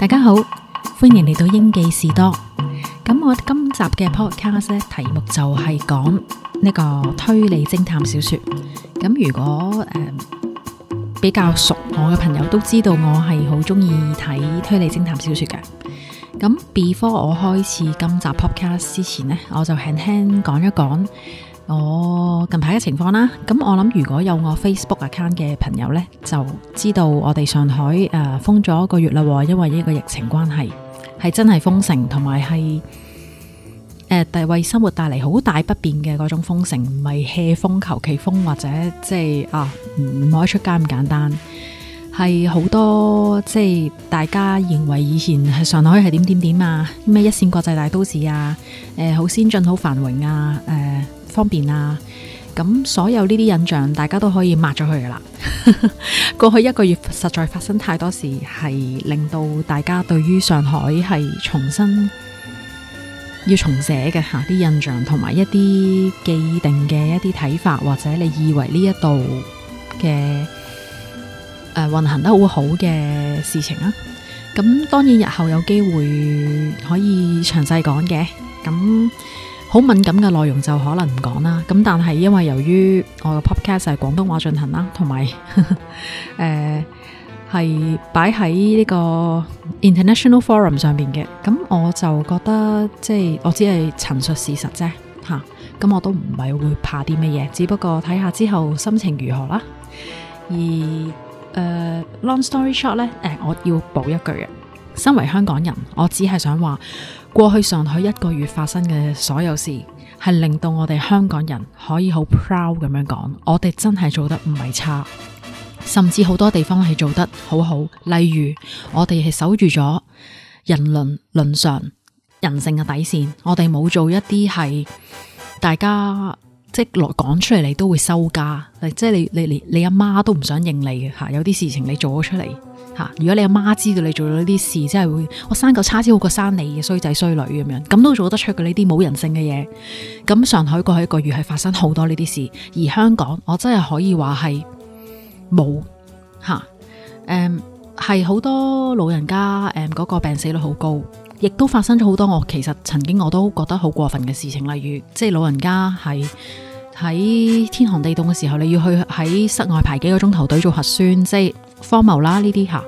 大家好，歡迎嚟到英記士多。咁我今集嘅 podcast 咧，題目就係講呢個推理偵探小說。咁如果、呃、比較熟我嘅朋友都知道，我係好中意睇推理偵探小說嘅。咁 before 我開始今集 podcast 之前呢，我就輕輕講一講。我、oh, 近排嘅情況啦，咁我諗如果有我 Facebook account 嘅朋友呢，就知道我哋上海誒、呃、封咗一個月啦，因為呢個疫情關係，係真係封城，同埋係誒為生活帶嚟好大不便嘅嗰種封城，唔係歇封求其封，或者即係啊唔可以出街咁簡單，係好多即係大家認為以前係上海係點點點啊，咩一線國際大都市啊，誒、呃、好先進好繁榮啊，誒、呃。方便啊！咁所有呢啲印象，大家都可以抹咗佢噶啦。 過去一個月實在發生太多事，係令到大家對於上海係重新要重寫嘅吓啲印象，同埋一啲既定嘅一啲睇法，或者你以為呢一度嘅誒運行得好好嘅事情啊！咁當然日後有機會可以詳細講嘅咁。好敏感嘅內容就可能唔講啦，咁但係因為由於我嘅 podcast 係廣東話進行啦，同埋誒係擺喺呢個 international forum 上面嘅，咁我就覺得即係我只係陳述事實啫，嚇、啊，咁我都唔係會怕啲咩嘢，只不過睇下之後心情如何啦。而、呃、long story short 咧、呃，我要補一句嘅，身為香港人，我只係想話。過去上海一個月發生嘅所有事，係令到我哋香港人可以好 proud 咁樣講，我哋真係做得唔係差，甚至好多地方係做得好好。例如，我哋係守住咗人倫倫常人性嘅底線，我哋冇做一啲係大家。即係來講出嚟，你都會收家，即係你你連你阿媽都唔想認你嘅吓，有啲事情你做咗出嚟吓。如果你阿媽知道你做咗呢啲事，即係會我生個叉燒，好過生你嘅衰仔衰女咁樣，咁都做得出嘅呢啲冇人性嘅嘢。咁上海過去一個月係發生好多呢啲事，而香港我真係可以話係冇吓，誒係好多老人家誒嗰個病死率好高，亦都發生咗好多我其實曾經我都覺得好過分嘅事情，例如即係老人家喺。喺天寒地凍嘅時候，你要去喺室外排幾個鐘頭隊做核酸，即係荒謬啦！呢啲吓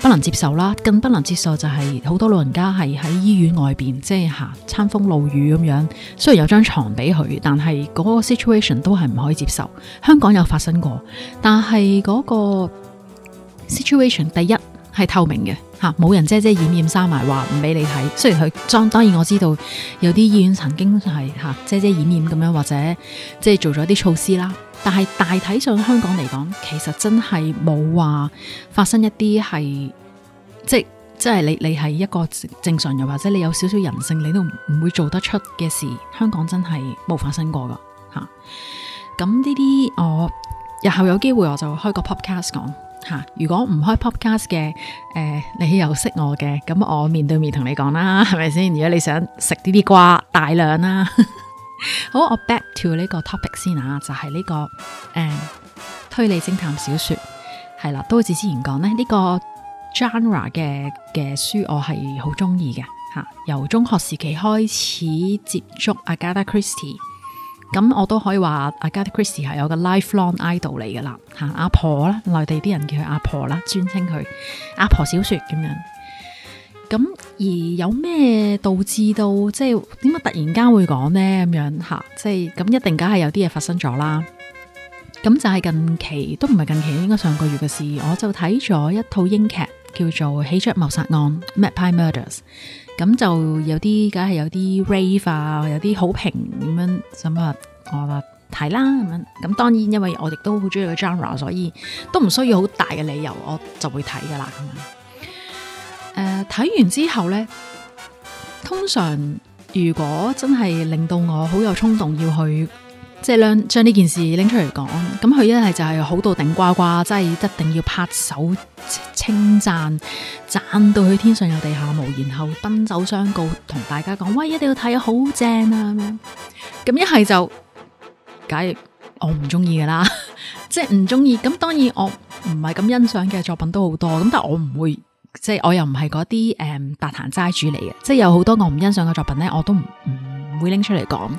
不能接受啦，更不能接受就係、是、好多老人家係喺醫院外邊即係吓餐風露雨咁樣，雖然有張床俾佢，但係嗰個 situation 都係唔可以接受。香港有發生過，但係嗰個 situation 第一。係透明嘅，吓冇人遮遮掩掩，閂埋話唔俾你睇。雖然佢裝，當然我知道有啲醫院曾經係吓遮遮掩掩咁樣，或者即係、就是、做咗啲措施啦。但係大體上香港嚟講，其實真係冇話發生一啲係即即係你你係一個正常人，或者你有少少人性，你都唔會做得出嘅事。香港真係冇發生過噶吓。咁呢啲我日後有機會我就開個 Podcast 講。吓，如果唔開 podcast 嘅，誒、呃，你又識我嘅，咁我面對面同你講啦，係咪先？如果你想食呢啲瓜，大量啦、啊， 好，我 back to 呢個 topic 先啊，就係、是、呢、這個、嗯、推理偵探小說，係啦、啊，都好似之前講呢，呢、這個 genre 嘅嘅書我係好中意嘅，吓、啊，由中學時期開始接觸 Agatha Christie 咁我都可以話阿 Gaddy Christie 係有個 lifelong idol 嚟噶啦吓，阿、啊、婆啦，內地啲人叫佢阿、啊、婆啦，尊稱佢阿、啊、婆小說咁樣。咁而有咩導致到即係點解突然間會講咧咁樣吓，即係咁一定梗係有啲嘢發生咗啦。咁就係近期都唔係近期，應該是上個月嘅事，我就睇咗一套英劇叫做《喜爵謀殺案 m a p p a e Murders）。 咁就有啲，梗係有啲 rave 啊，有啲好評咁樣，咁啊我話睇啦咁樣。咁當然，因為我哋都好中意個 genre，所以都唔需要好大嘅理由，我就會睇噶啦。誒，睇、呃、完之後咧，通常如果真係令到我好有衝動要去。即係將呢件事拎出嚟講，咁佢一係就係好到頂呱呱，即係一定要拍手稱讚，讚到佢天上有地下無，然後奔走相告，同大家講：喂，一定要睇啊，好正啊！咁樣，咁一係就，假如我唔中意噶啦，即係唔中意。咁當然我唔係咁欣賞嘅作品都好多，咁但我唔會，即係我又唔係嗰啲誒，達壇齋主嚟嘅，即係有好多我唔欣賞嘅作品呢，我都唔。唔會拎出嚟講，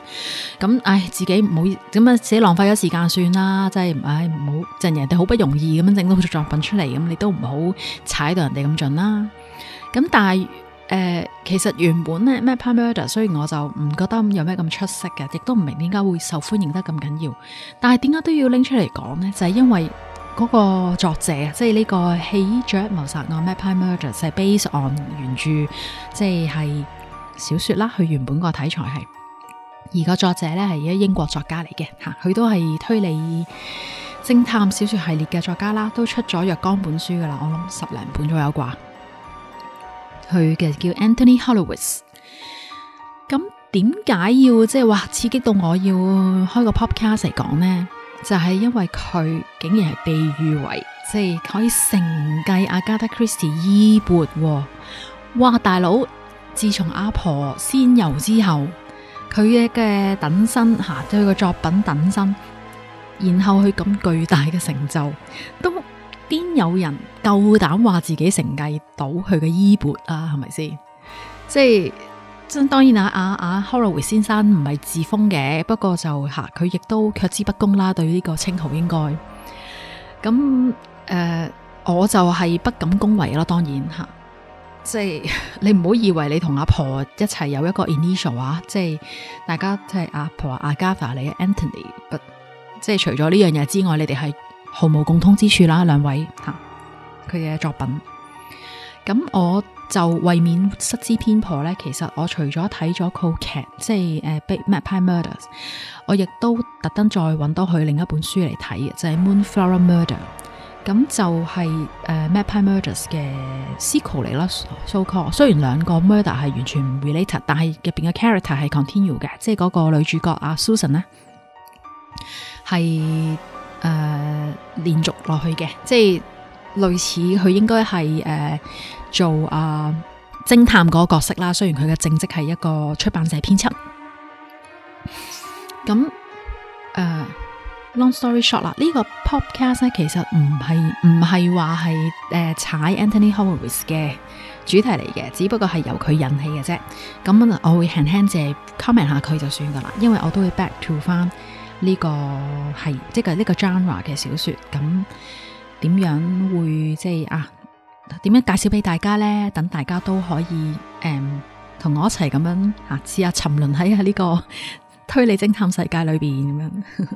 咁唉自己唔好意咁啊，自己浪費咗時間算啦，真係唔唉唔好，陣人哋好不容易咁樣整到作品出嚟，咁你都唔好踩到人哋咁盡啦。咁但係誒、呃，其實原本咧《Magpie Murders》，雖然我就唔覺得有咩咁出色嘅，亦都唔明點解會受歡迎得咁緊要。但係點解都要拎出嚟講呢？就係、是、因為嗰個作者即係呢個《喜鵲謀殺案》《Magpie Murders》係 based on 原著，即係。小說啦，佢原本個題材係，而個作者咧係一英國作家嚟嘅吓，佢、啊、都係推理、偵探小說系列嘅作家啦，都出咗若干本書噶啦，我諗十零本左右啩。佢嘅叫 Anthony Horowitz。咁點解要即係話刺激到我要開個 podcast 嚟講呢？就係、是、因為佢竟然係被譽為即係、就是、可以承繼阿加德 Christie 衣缽、啊，哇大佬！自從阿婆仙遊之後，佢嘅等身吓，即佢嘅作品等身，然後佢咁巨大嘅成就，都邊有人夠膽話自己承繼到佢嘅衣缽啊？係咪先？即係真，當然啊啊啊 Horowitz 先生唔係自封嘅，不過就吓佢亦都卻之不恭啦，對於呢個稱號應該咁誒、呃，我就係不敢恭維啦，當然吓。即係 你唔好以為你同阿婆，婆一齊有一個 initial 啊！即、就、係、是、大家即係阿婆阿 Agatha 你 Anthony，但即係除咗呢樣嘢之外，你哋係毫無共通之處啦，兩位吓佢嘅作品。咁我就為免失之偏頗呢。其實我除咗睇咗 Cool c 劇，即係誒《Big、呃、Magpie Murders》，我亦都特登再揾多佢另一本書嚟睇，嘅，就係、是《Moonflower Murder》。咁就係、是、誒《uh, Magpie Murders》嘅 sequel 嚟啦，so called。雖然兩個 murder 係完全唔 related，但係入邊嘅 character 係 continue 嘅，即係嗰個女主角阿、啊、Susan 呢係誒、uh, 連續落去嘅，即係類似佢應該係誒、uh, 做啊、uh, 偵探嗰個角色啦。雖然佢嘅正職係一個出版社編輯，咁誒。Uh, Long story short 啦，呢個 podcast 咧其實唔係唔係話係誒踩 Anthony Horowitz 嘅主題嚟嘅，只不過係由佢引起嘅啫。咁我會輕輕地 comment 下佢就算噶啦，因為我都會 back to 翻、這、呢個係即係呢個 genre 嘅小説。咁點樣會即係啊？點樣介紹俾大家咧？等大家都可以誒同、嗯、我一齊咁樣啊，試下沉淪喺呢個推理偵探世界裏邊咁樣。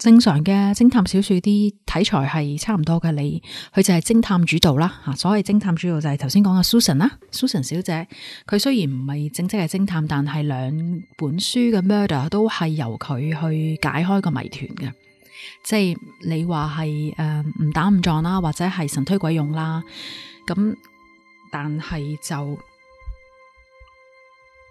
正常嘅偵探小說啲題材係差唔多嘅，你佢就係偵探主導啦，吓,所謂偵探主導就係頭先講嘅 Susan 啦，Susan 小姐，佢雖然唔係正式嘅偵探，但係兩本書嘅 murder 都係由佢去解開個謎團嘅，即係你話係誒誤打誤撞啦，或者係神推鬼用啦，咁但係就。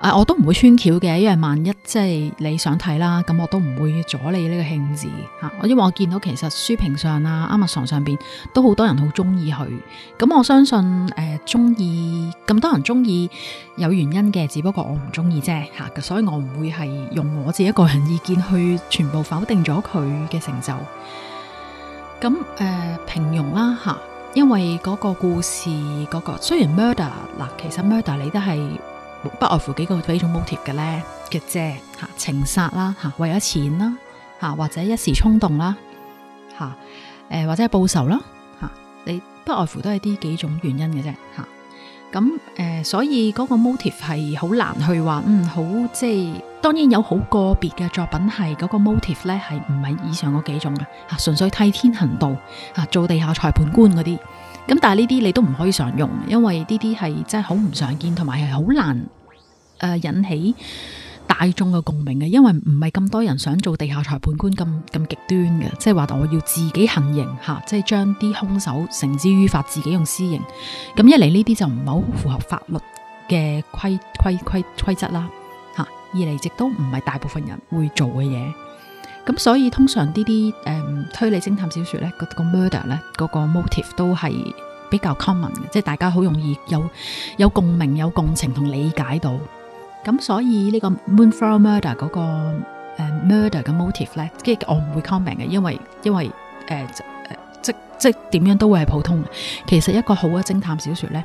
啊！我都唔會穿橋嘅，因為萬一即係你想睇啦，咁我都唔會阻你呢個興致吓。因為我見到其實書評上啦，Amazon 上邊都好多人好中意佢，咁、啊、我相信誒中意咁多人中意有原因嘅，只不過我唔中意啫吓。所以我唔會係用我自己個人意見去全部否定咗佢嘅成就。咁、啊、誒、呃、平庸啦吓、啊，因為嗰個故事嗰、嗰個雖然 murder 嗱、啊，其實 murder 你都係。不外乎幾個幾種 motive 嘅咧嘅啫，吓情殺啦，吓為咗錢啦，吓或者一時衝動啦，吓誒或者係報仇啦，吓你不外乎都係呢幾種原因嘅啫，吓咁誒所以嗰個 motive 係好難去話嗯好即係當然有好個別嘅作品係嗰個 motive 咧係唔係以上嗰幾種嘅，吓純粹替天行道，吓做地下裁判官嗰啲。咁但係呢啲你都唔可以常用，因為呢啲係真係好唔常見，同埋係好難誒、呃、引起大眾嘅共鳴嘅，因為唔係咁多人想做地下裁判官咁咁極端嘅，即係話我要自己行刑吓，即係將啲兇手繩之於法，自己用私刑。咁一嚟呢啲就唔係好符合法律嘅規規規規則啦，吓、啊、二嚟亦都唔係大部分人會做嘅嘢。咁所以通常啲啲誒推理偵探小説咧，嗰個 murder 咧，嗰、嗰個 motive 都係比較 common 嘅，即、就、係、是，大家好容易有有共鳴，有共情同理解到。咁所以個、那個呃、呢個 Moonflower Murders 嗰個 murder 嘅 motive 咧，即係我唔會 comment 嘅，因為因為誒、呃呃、即即點樣都會係普通嘅。其實一個好嘅偵探小説咧，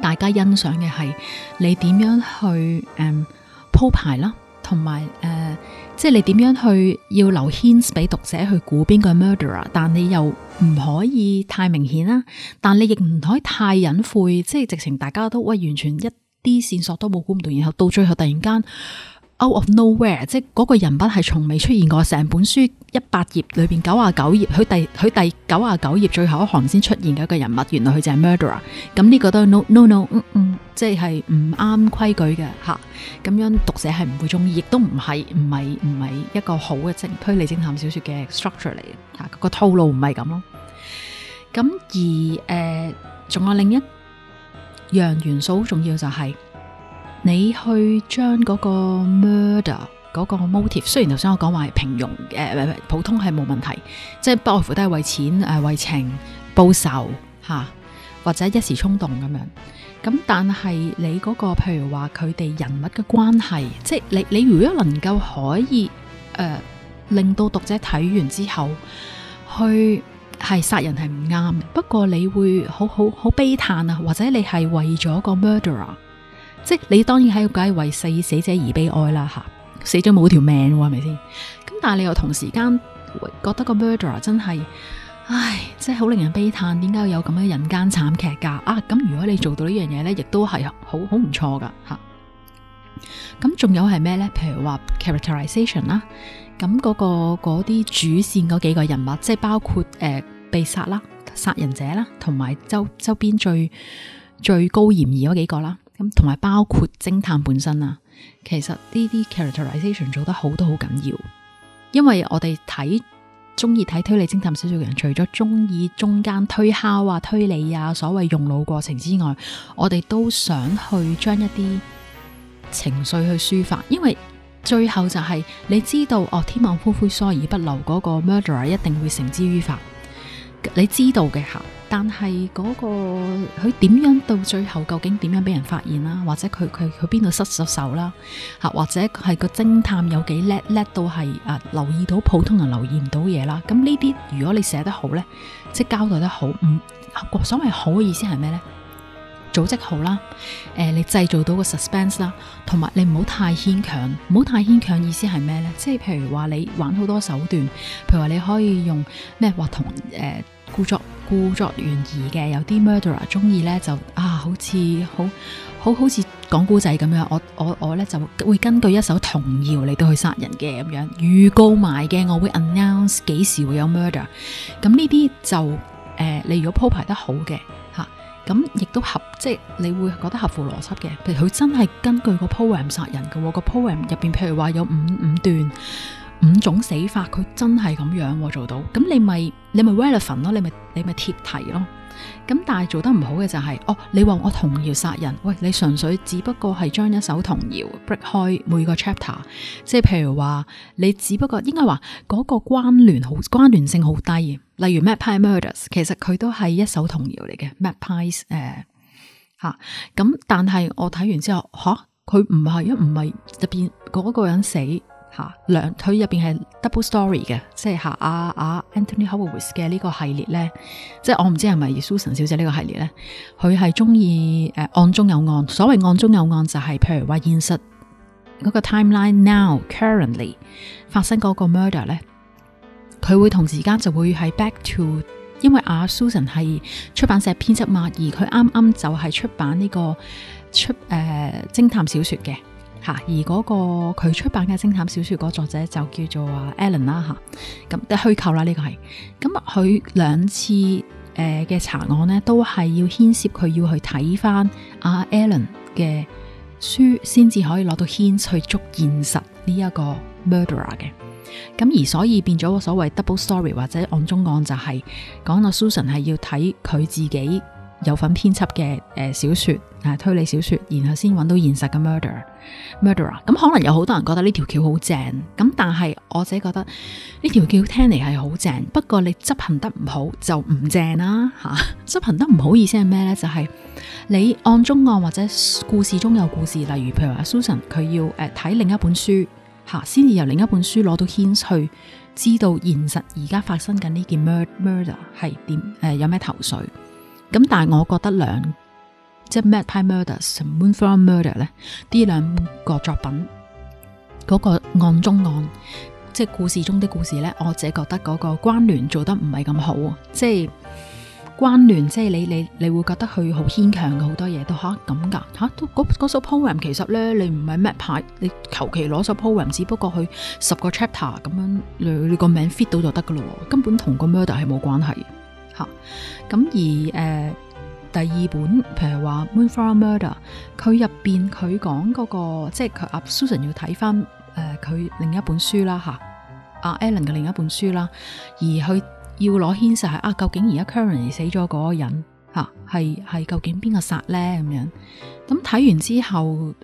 大家欣賞嘅係你點樣去誒鋪排啦，同埋誒。呃即係你點樣去要留 hint 俾讀者去估邊個係 murderer，但你又唔可以太明顯啦，但你亦唔可以太隱晦，即係直情大家都喂完全一啲線索都冇估唔到，然後到最後突然間。Out of nowhere，即係嗰個人物係從未出現過，成本書一百頁裏邊九十九頁，佢第佢第九十九頁最後一行先出現嘅一個人物，原來佢就係 murderer，咁呢個都係 no no no，、嗯嗯、即係唔啱規矩嘅吓，咁、啊、樣讀者係唔會中意，亦都唔係唔係唔係一個好嘅偵推理偵探小說嘅 structure 嚟嘅吓，啊嗰個套路唔係咁咯。咁、啊、而誒，另、呃、外仲有另一樣元素重要就係、是。你去將嗰個 murder 嗰個 motive 雖然頭先我講話係平庸嘅、呃，普通係冇問題，即係不外乎都係為錢、誒、呃、為情、報仇吓、啊，或者一時衝動咁樣。咁但係你嗰、嗰個，譬如話佢哋人物嘅關係，即係你你如果能夠可以誒、呃、令到讀者睇完之後，去係殺人係唔啱不過你會好好好悲嘆啊，或者你係為咗個 murderer。即係你當然喺度梗係為死死者而悲哀啦，吓死咗冇條命係咪先？咁但係你又同時間覺得個 murderer 真係唉，真係好令人悲嘆，點解會有咁嘅人間慘劇噶？啊，咁如果你做到呢樣嘢咧，亦都係好好唔錯噶吓。咁、啊、仲有係咩咧？譬如話 characterization 啦、嗰個，咁嗰個嗰啲主線嗰幾個人物，即係包括誒、呃、被殺啦、殺人者啦，同埋周周邊最最高嫌疑嗰幾個啦。咁同埋包括偵探本身啊，其實呢啲 characterization 做得好都好緊要，因為我哋睇中意睇推理偵探小說嘅人，除咗中意中間推敲啊、推理啊、所謂用腦過程之外，我哋都想去將一啲情緒去抒發，因為最後就係你知道，哦，天網恢恢疏而不漏，嗰個 murderer 一定會繩之於法。你知道嘅吓，但係嗰個佢點樣到最後究竟點樣俾人發現啦？或者佢佢佢邊度失咗手啦？吓或者係個偵探有幾叻叻到係啊留意到普通人留意唔到嘢啦？咁呢啲如果你寫得好咧，即係交代得好，唔啊所謂好嘅意思係咩咧？組織好啦，誒、呃，你製造到個 suspense 啦，同埋你唔好太牽強，唔好太牽強。意思係咩呢？即係譬如話你玩好多手段，譬如話你可以用咩話同誒，故、呃、作故作懸疑嘅。有啲 murderer 中意呢，就啊，好似好好好似講古仔咁樣。我我我呢就會根據一首童謠嚟到去殺人嘅咁樣，預告埋嘅。我會 announce 幾時會有 murder。咁呢啲就誒，你如果鋪排得好嘅。咁亦都合，即係你會覺得合乎邏輯嘅。譬如佢真係根據個 poem 殺人嘅，個 poem 入邊譬如話有五五段五種死法，佢真係咁樣做到，咁你咪你咪 relevant 咯，你咪你咪貼題咯。咁但係做得唔好嘅就係、是，哦，你話我童謠殺人，喂，你純粹只不過係將一首童謠 break 開每個 chapter，即係譬如話你只不過應該話嗰個關聯好關聯性好低，例如 Magpie Murders，其實佢都係一首童謠嚟嘅 Magpie 誒、呃、吓，咁但係我睇完之後，吓，佢唔係因唔係入邊嗰個人死。吓，兩佢入邊係 double story 嘅，即係吓阿阿 Anthony Horowitz 嘅呢個系列咧，即係我唔知係咪 Susan 小姐呢個系列咧，佢係中意誒案中有案，所謂案中有案就係譬如話現實嗰個 timeline now currently 發生嗰個 murder 咧，佢會同時間就會係 back to，因為阿 Susan 係出版社編輯嘛，而佢啱啱就係出版呢個出誒偵探小說嘅。吓，而嗰個佢出版嘅偵探小說嗰作者就叫做阿 Alan 啦吓，咁但係虛構啦呢個係，咁佢兩次誒嘅、呃、查案呢，都係要牽涉佢要去睇翻阿 Alan 嘅書，先至可以攞到牽去捉現實呢一個 murderer 嘅，咁而所以變咗個所謂 double story 或者案中案就係講到 Susan 係要睇佢自己。有份編輯嘅誒小説，係推理小説，然後先揾到現實嘅 murder murderer。咁、嗯、可能有好多人覺得呢條橋好正，咁但係我自己覺得呢條橋聽嚟係好正，不過你執行得唔好就唔正啦、啊、嚇。 執行得唔好意思係咩呢？就係、是、你案中案或者故事中有故事，例如譬如話 Susan 佢要誒睇另一本書嚇，先至由另一本書攞到 hints 去知道現實而家發生緊呢件 murder 係點誒有咩頭緒。咁但係我覺得兩，即係《Magpie Murders》同《Moonflower Murders》咧，呢兩個作品嗰個案中案，即係故事中的故事咧，我自己覺得嗰個關聯做得唔係咁好，即係關聯即係你你你會覺得佢好牽強嘅好多嘢都嚇咁㗎吓，都嗰首 poem 其實咧你唔係 Magpie，你求其攞首 poem，只不過佢十個 chapter 咁樣你你個名 fit 到就得㗎啦，根本同個 murder 係冇關係。咁、啊、而誒、呃，第二本，譬如話《Moon Farm Murder》，佢入邊佢講嗰個，即係佢阿 Susan 要睇翻誒，佢、呃、另一本書啦吓，阿 Alan 嘅另一本書啦，而佢要攞牽涉、啊，究竟而家 Curren 而死咗嗰個人吓，係、啊、係究竟邊個殺咧咁樣？咁睇完之後，誒、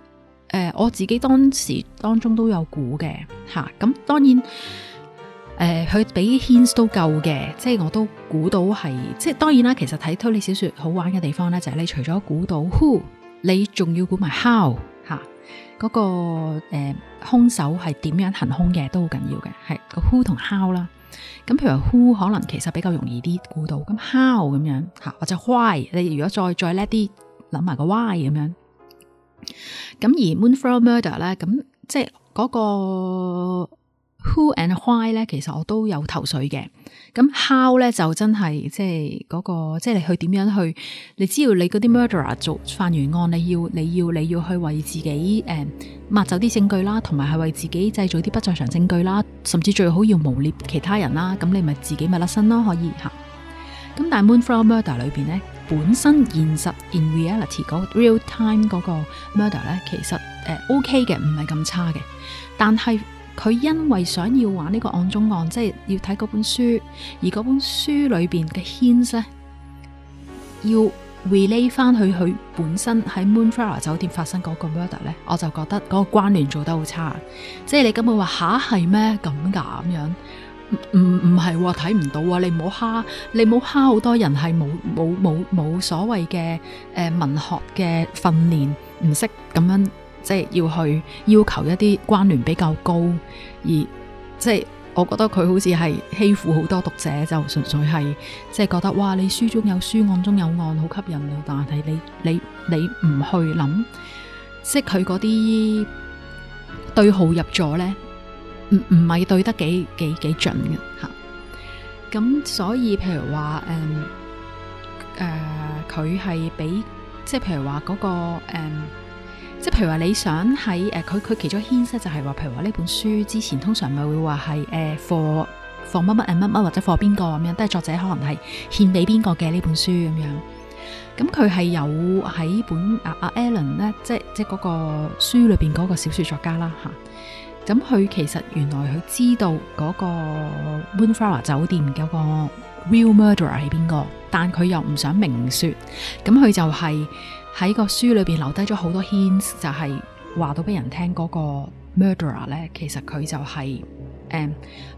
呃，我自己當時當中都有估嘅吓，咁、啊、當然。誒，佢俾、呃、hints 都夠嘅，即係我都估到係，即係當然啦。其實睇推理小說好玩嘅地方咧，就係、是、你除咗估到 who，你仲要估埋 how 吓、啊，嗰、那個誒、呃，凶手係點樣行凶嘅都好緊要嘅，係個 who 同 how 啦。咁譬如話 who 可能其實比較容易啲估到，咁 how 咁樣吓、啊，或者 why？你如果再再叻啲，諗埋個 why 咁樣，咁、啊、而 Moonflower Murder 咧，咁即係、那、嗰個。Who and why 咧，其實我都有頭緒嘅。咁 how 咧，就真係即係嗰、那個，即係你去點樣去？你知道你嗰啲 murderer 做犯完案，你要你要你要去為自己誒、呃、抹走啲證據啦，同埋係為自己製造啲不在場證據啦，甚至最好要誣衊其他人啦。咁你咪自己咪甩身咯，可以吓。咁但係 Moonflower Murder 裏邊咧，本身現實 in reality 嗰、那個、real time 嗰個 murder 咧，其實誒、呃、OK 嘅，唔係咁差嘅，但係。佢因為想要玩呢個案中案，即係要睇嗰本書，而嗰本書裏邊嘅 hints 咧，要 relay 翻去佢本身喺 Moonflower 酒店發生嗰個 murder 咧，我就覺得嗰個關聯做得好差。即係你根本話嚇係咩咁噶咁樣？唔唔唔係喎，睇唔到啊！你唔好蝦，你唔好蝦，好多人係冇冇冇冇所謂嘅誒文學嘅訓練，唔識咁樣。即係要去要求一啲關聯比較高，而即係我覺得佢好似係欺負好多讀者，就純粹係即係覺得哇，你書中有書，案中有案，好吸引啊！但係你你你唔去諗，即係佢嗰啲對號入座呢，唔唔係對得幾幾幾準嘅吓。咁、啊、所以譬如話誒誒，佢、嗯、係、呃、俾即係譬如話嗰、那個誒。嗯即係譬如話你想喺誒，佢、呃、佢其中牽涉就係話，譬如話呢本書之前通常咪會話係誒，for for 乜乜誒乜乜或者 for 邊個咁樣，都係作者可能係獻俾邊個嘅呢本書咁樣。咁佢係有喺本阿阿、啊、Allen 咧，即即嗰個書裏邊嗰個小說作家啦吓。咁、啊、佢其實原來佢知道嗰個 Moonflower 酒店有個 real murderer 係邊個，但佢又唔想明說。咁佢就係、是。喺個書裏邊留低咗好多 hints，就係話到俾人聽嗰、那個 murderer 咧，其實佢就係、是、誒，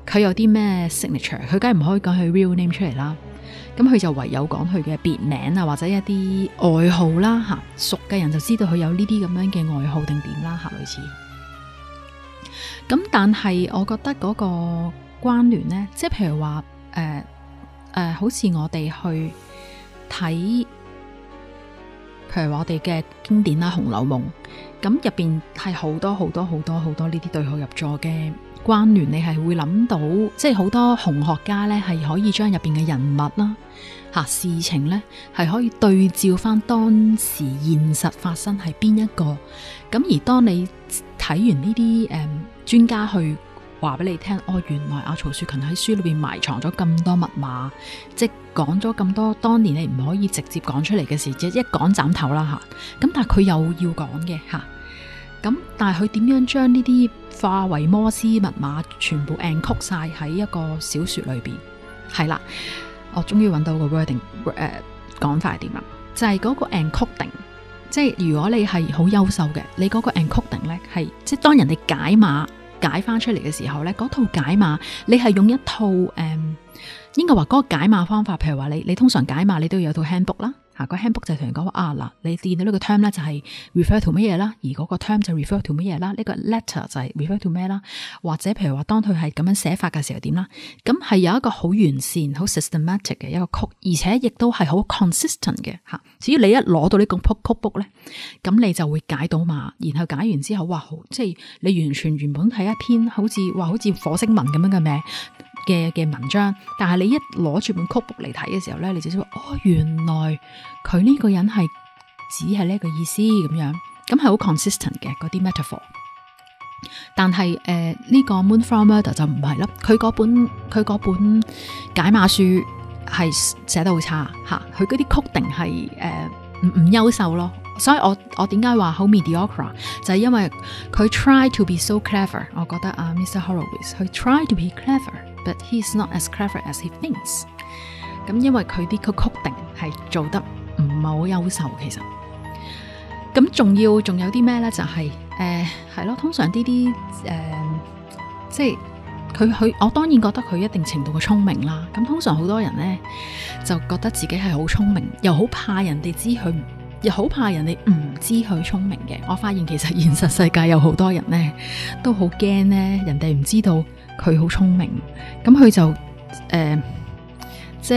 佢、嗯、有啲咩 signature，佢梗係唔可以講佢 real name 出嚟啦。咁佢就唯有講佢嘅別名啊，或者一啲愛好啦吓，熟嘅人就知道佢有呢啲咁樣嘅愛好定點啦吓，類似。咁但係我覺得嗰個關聯呢，即係譬如話誒誒，好似我哋去睇。譬如我哋嘅經典啦《紅樓夢》，咁入邊係好多好多好多好多呢啲對號入座嘅關聯，你係會諗到，即係好多紅學家咧係可以將入邊嘅人物啦、吓、啊、事情咧係可以對照翻當時現實發生喺邊一個，咁而當你睇完呢啲誒專家去話俾你聽，哦，原來阿曹雪芹喺書裏邊埋藏咗咁多密碼，即係講咗咁多當年你唔可以直接講出嚟嘅事，即係一講斬頭啦吓。咁、啊、但係佢又要講嘅吓，咁、啊、但係佢點樣將呢啲化為摩斯密碼，全部 encode 晒喺一個小說裏邊？係啦，我終於揾到個 wording，誒、呃，講法係點就係、是、嗰個 encoding 即係如果你係好優秀嘅，你嗰個 encoding 係即係當人哋解碼。解翻出嚟嘅時候呢，嗰套解碼你係用一套、um, 應該話嗰個解碼方法，譬如話你你通常解碼，你都要有一套 handbook 啦。嗰 handbook 就係同人講，話啊嗱，你見到呢個 term 咧就係 refer to 乜嘢啦，而嗰個 term 就 refer to 乜嘢啦，呢個 letter 就係 refer to 咩啦，或者譬如話當佢係咁樣寫法嘅時候點啦，咁係有一個好完善、好 systematic 嘅一個曲，而且亦都係好 consistent 嘅、啊、至於你一攞到個呢個 code book book 咧，咁你就會解到碼，然後解完之後哇，即係、就是、你完全原本睇一篇好似話好似火星文咁樣嘅咩，嘅嘅文章，但係你一攞住本曲 book 嚟睇嘅時候咧，你就知道哦，原來佢呢個人係只係呢一個意思咁樣，咁係好 consistent 嘅嗰啲 metaphor。但係誒呢個 Magpie Murders 就唔係啦，佢嗰本佢本解碼書係寫得好差吓，佢嗰啲 coding 係誒唔唔優秀咯，所以我我點解話好 mediocre 就係因為佢 try to be so clever，我覺得啊 Mr. Horowitz 佢 try to be clever。But he's not as clever as he thinks、嗯。咁因為佢啲個決定係做得唔係好優秀，其實。咁、嗯、仲要仲有啲咩呢？就係誒係咯，通常啲啲誒，即係佢佢，我當然覺得佢一定程度嘅聰明啦。咁、嗯、通常好多人呢就覺得自己係好聰明，又好怕人哋知佢，又好怕人哋唔知佢聰明嘅。我發現其實現實世界有好多人呢都好驚呢，人哋唔知道。佢好聰明，咁佢就誒、呃，即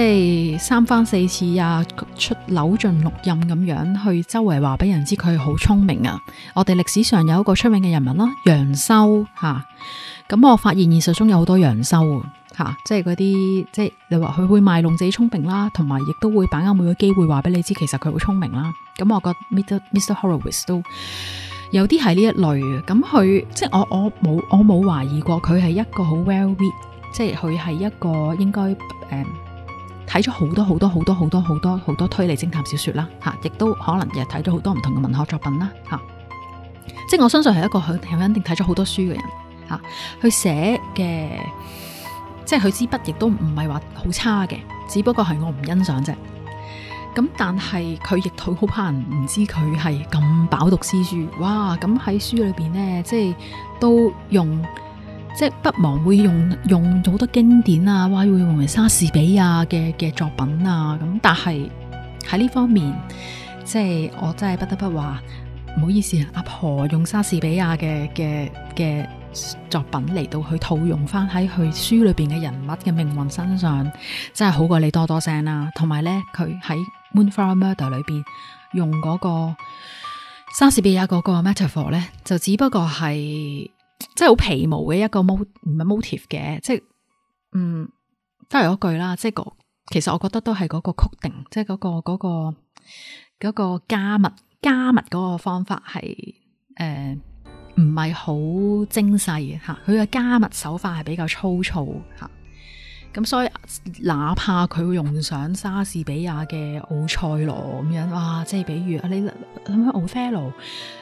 係三番四次呀、啊，出扭盡六壬咁樣去周圍話俾人知佢好聰明啊！我哋歷史上有一個出名嘅人物啦，楊修吓。咁、啊、我發現現實中有好多楊修吓，即係嗰啲即係你話佢會賣弄自己聰明啦，同埋亦都會把握每個機會話俾你知其實佢好聰明啦。咁我覺得 Mr. Mr. Horowitz 都有啲係呢一類嘅，咁佢即係我我冇我冇懷疑過佢係一個好 well read，即係佢係一個應該誒睇咗好多好多好多好多好多好多推理偵探小説啦嚇，亦、啊、都可能日日睇咗好多唔同嘅文學作品啦嚇、啊，即係我相信係一個佢肯定睇咗好多書嘅人嚇，佢、啊、寫嘅即係佢支筆亦都唔係話好差嘅，只不過係我唔欣賞啫。咁但係佢亦都好怕人唔知佢係咁飽讀詩書，哇！咁喺書裏邊呢，即係都用即係不忘會用用咗好多經典啊，哇！會用埋莎士比亞嘅嘅作品啊，咁但係喺呢方面，即係我真係不得不話唔好意思，阿婆用莎士比亞嘅嘅嘅作品嚟到去套用翻喺佢書裏邊嘅人物嘅命運身上，真係好過你多多聲啦、啊。同埋咧，佢喺。《Moonflower Murder 裡》裏邊用嗰個莎士比亞嗰個 metaphor 咧，就只不過係即係好皮毛嘅一個 mot 唔係 motif 嘅，即、就、係、是、嗯都係嗰句啦，即係個其實我覺得都係嗰個 coding、那個，即係嗰個嗰個嗰個加密加密嗰個方法係誒唔係好精細嘅吓，佢嘅加密手法係比較粗糙吓。咁所以，哪怕佢會用上莎士比亞嘅奧賽羅咁樣，啊，即係比如你諗下 l 菲洛，誒、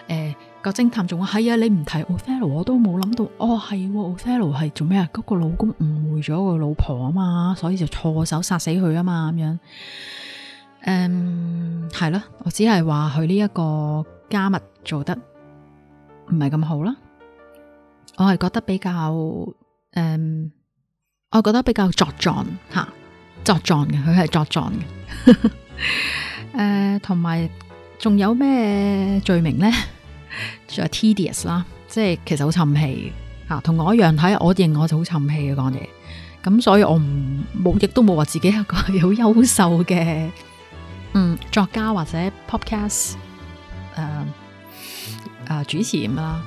呃，那個偵探仲話係啊，你唔提 l 菲 o 我都冇諗到，哦係，l、哦、菲 o 係做咩啊？嗰、那個老公誤會咗個老婆啊嘛，所以就錯手殺死佢啊嘛，咁樣。嗯，係啦，我只係話佢呢一個加密做得唔係咁好啦，我係覺得比較，嗯。我覺得比較作狀吓、啊，作狀嘅，佢係作狀嘅。誒、 呃，同埋仲有咩罪名呢？仲有 tedious 啦，即係其實好沉氣吓，同、啊、我一樣睇，我認我就好沉氣嘅講嘢，咁所以我唔冇，亦都冇話自己一個好優秀嘅嗯作家或者 podcast 誒、呃、誒、呃、主持咁啦。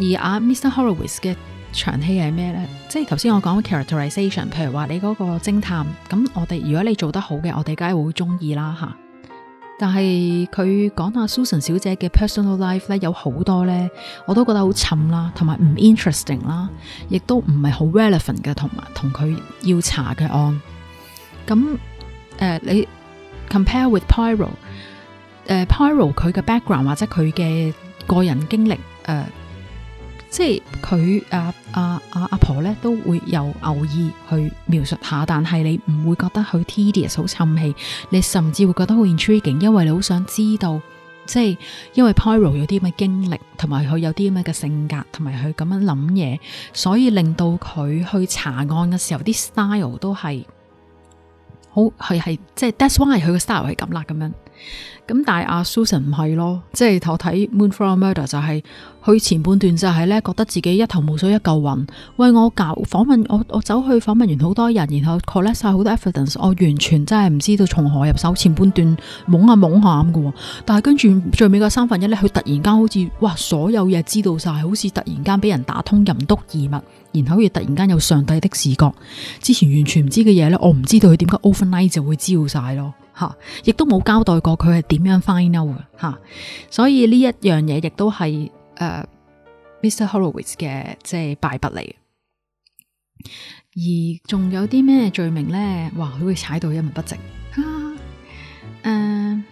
而阿、啊、Mr Horowitz 嘅。長氣係咩呢？即係頭先我講 characterization，譬如話你嗰個偵探，咁我哋如果你做得好嘅，我哋梗係會中意啦吓。但係佢講阿 Susan 小姐嘅 personal life 咧，有好多咧，我都覺得好沉啦，同埋唔 interesting 啦，亦都唔係好 relevant 嘅，同埋同佢要查嘅案。咁誒、呃，你 compare with Pyro，誒、呃、Pyro 佢嘅 background 或者佢嘅個人經歷誒、呃，即係佢啊。呃阿阿阿婆咧都會有偶爾去描述下，但係你唔會覺得佢 tedious 好沉氣，你甚至會覺得好 intriguing，u 因為你好想知道，即係因為 Poirot 有啲咁嘅經歷，同埋佢有啲咁嘅性格，同埋佢咁樣諗嘢，所以令到佢去查案嘅時候啲 style 都係好係係即係 that's why 佢個 style 係咁啦咁樣。咁但係、啊、阿 Susan 唔係咯，即係頭睇 Moonflower Murders 就係、是。佢前半段就係呢，覺得自己一頭霧水一嚿雲。喂，我搞訪問，我我走去訪問完好多人，然後 collect 晒好多 evidence，我完全真係唔知道從何入手。前半段懵下懵下咁喎，但係跟住最尾個三分一呢，佢突然間好似哇，所有嘢知道晒，好似突然間俾人打通任督二脈，然後又突然間有上帝的視覺。之前完全唔知嘅嘢呢，我唔知道佢點解 overnight 就會知道晒咯，吓，亦都冇交代過佢係點樣 find out 嘅吓。所以呢一樣嘢亦都係。誒、uh,，Mr. Horowitz 嘅即係敗、就、筆、是、嚟，而仲有啲咩罪名咧？哇，佢會踩到一文不值。誒、 uh,，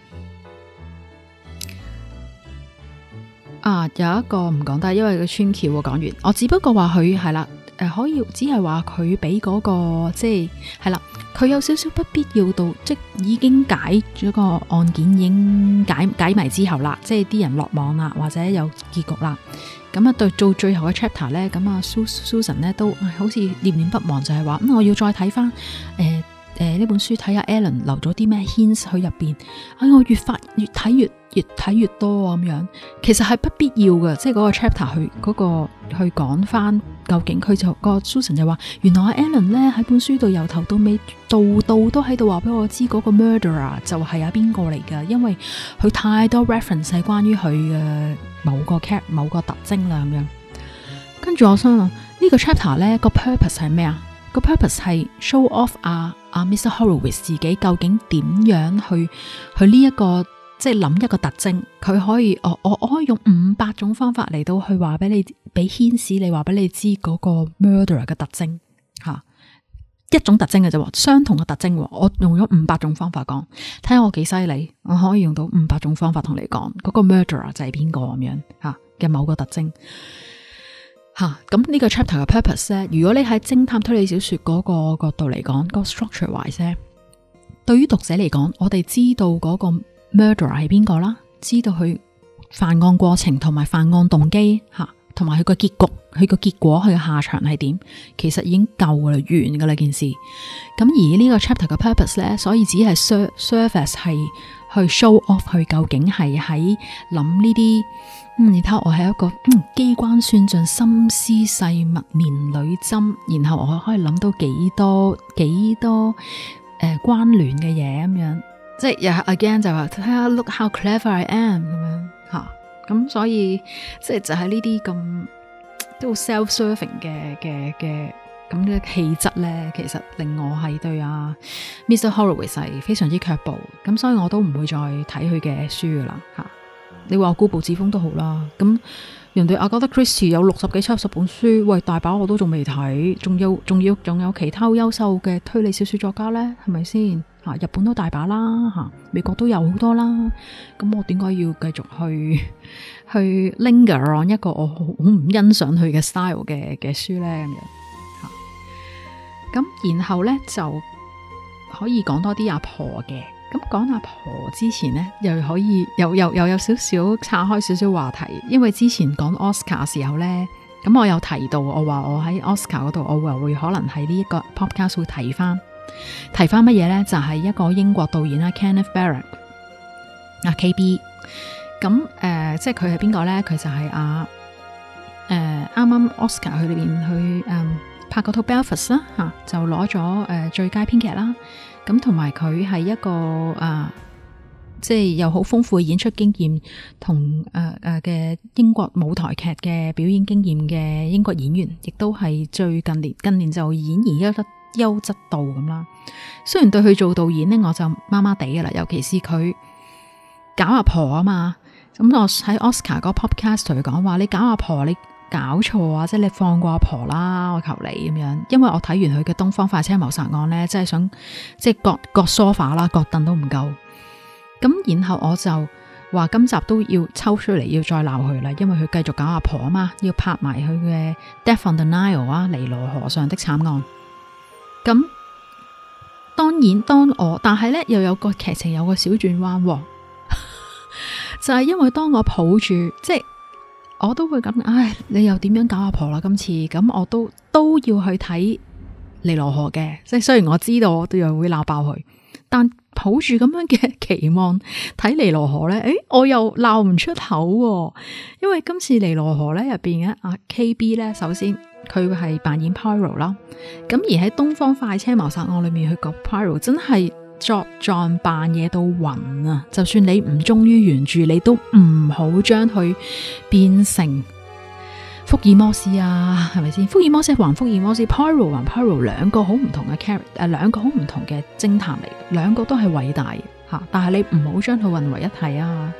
啊，有一個唔講得，因為個穿橋我講完，我只不過話佢係啦。.誒、呃，可以只係話佢俾嗰個即係係啦，佢有少少不必要到，即已經解咗個案件已經，已解解埋之後啦，即係啲人落網啦，或者有結局啦。咁、嗯、啊，到做最後嘅 chapter 咧，咁、嗯、啊，Susan 咧都好似念念不忘，就係話咁我要再睇翻誒誒呢本書，睇下 Alan 留咗啲咩 hints 去入邊。哎，我越發越睇越越睇越，越多咁樣，其實係不必要嘅，即係嗰個 chapter 去、嗰個去講翻。究竟佢就、那個 Susan 就話，原來阿 Alan 咧喺本書度由頭到尾，度度都喺度話俾我知嗰、那個 murderer 就係阿邊個嚟嘅，因為佢太多 reference 係關於佢嘅某個 cap 某個特徵咁樣。跟住我想問呢、這個 chapter 咧個 purpose 係咩啊？個 purpose 係 show off 阿、啊、阿、啊、Mr. Horowitz 自己究竟點樣去去呢、這、一個？即係諗一個特徵，佢可以哦，我我可以用五百種方法嚟到去話俾你，俾牽士你話俾你知嗰個 murderer 嘅特徵吓、啊，一種特徵嘅啫，相同嘅特徵。我用咗五百種方法講，睇下我幾犀利。我可以用到五百種方法同你講嗰個 murderer 就係邊個咁樣吓嘅某個特徵吓。咁、啊、呢個 chapter 嘅 purpose 咧，如果你喺偵探推理小說嗰個角度嚟講，嗰個 structure wise 咧，對於讀者嚟講，我哋知道嗰、嗰個。Murderer 係邊個啦？知道佢犯案過程同埋犯案動機吓，同埋佢個結局，佢個結果，佢個下場係點？其實已經夠噶啦，完噶啦件事。咁而這個的呢個 chapter 嘅 purpose 咧，所以只係 surface 係去 show off，佢究竟係喺諗呢啲。咁、嗯、你睇我係一個嗯、機關算盡、心思細密、棉裏針，然後我可以諗到幾多幾多誒、呃、關聯嘅嘢咁樣。即係又 again 就話睇下 look how clever I am 咁樣吓，咁、啊、所以即係就係呢啲咁都 self-serving 嘅嘅嘅咁嘅氣質咧，其實令我係對啊 Mr Horowitz 係非常之卻步，咁所以我都唔會再睇佢嘅書噶啦吓。你話固步自封都好啦，咁人哋阿 Agatha Christie 有六十幾七十本書，喂大把我都仲未睇，仲要仲要仲有其他優秀嘅推理小說作家咧，係咪先？日本都大把啦，吓，美國都有好多啦，咁我點解要繼續去去 linger on 一個我好唔欣賞佢嘅 style 嘅嘅書呢？咁樣。咁然後呢，就可以講多啲阿婆嘅。咁講阿婆之前呢，又可以又又又，又有少少岔開少少話題，因為之前講 Oscar 嘅時候呢，咁我有提到我話我喺 Oscar 嗰度，我話會可能喺呢一個 podcast 會睇翻。提翻乜嘢咧？就係、是、一個英國導演啦，Kenneth Barrack 啊 KB。咁誒、呃，即係佢係邊個咧？佢就係啊誒，啱、呃、啱 Oscar 佢裏邊去誒、嗯、拍嗰套 Belfast 啦吓、啊，就攞咗誒最佳編劇啦。咁同埋佢係一個啊、呃，即係又好豐富嘅演出經驗同誒誒嘅英國舞台劇嘅表演經驗嘅英國演員，亦都係最近年近年就演而優得。優質度咁啦，雖然對佢做導演呢，我就麻麻地噶啦，尤其是佢搞阿婆啊嘛，咁我喺 Oscar 個 podcast 同佢講話：你搞阿婆，你搞錯啊！即係你放過阿婆啦，我求你咁樣。因為我睇完佢嘅《東方快車謀殺案》呢，真係想即係割割 sofa 啦，割凳都唔夠。咁然後我就話今集都要抽出嚟，要再鬧佢啦，因為佢繼續搞阿婆啊嘛，要拍埋佢嘅《Death on the Nile》啊，《尼羅河上的慘案》。咁當然，當我但係呢，又有個劇情有個小轉彎、哦， 就係因為當我抱住，即係我都會咁，唉、哎，你又點樣搞阿婆啦？今次咁，我都都要去睇尼羅河嘅，即係雖然我知道我又會鬧爆佢，但抱住咁樣嘅期望睇尼羅河呢，誒，我又鬧唔出口、哦，因為今次尼羅河呢入邊呢，啊 KB 呢首先。佢係扮演 Poirot 啦，咁而喺《東方快車謀殺案》裏面去講 Poirot 真係作狀扮嘢到暈啊！就算你唔忠於原著，你都唔好將佢變成福爾摩斯啊，係咪先？福爾摩斯還福爾摩斯，Poirot 還 Poirot，兩個好唔同嘅 character，呃，兩個好唔同嘅偵探嚟，兩個都係偉大吓，但係你唔好將佢混為一體啊！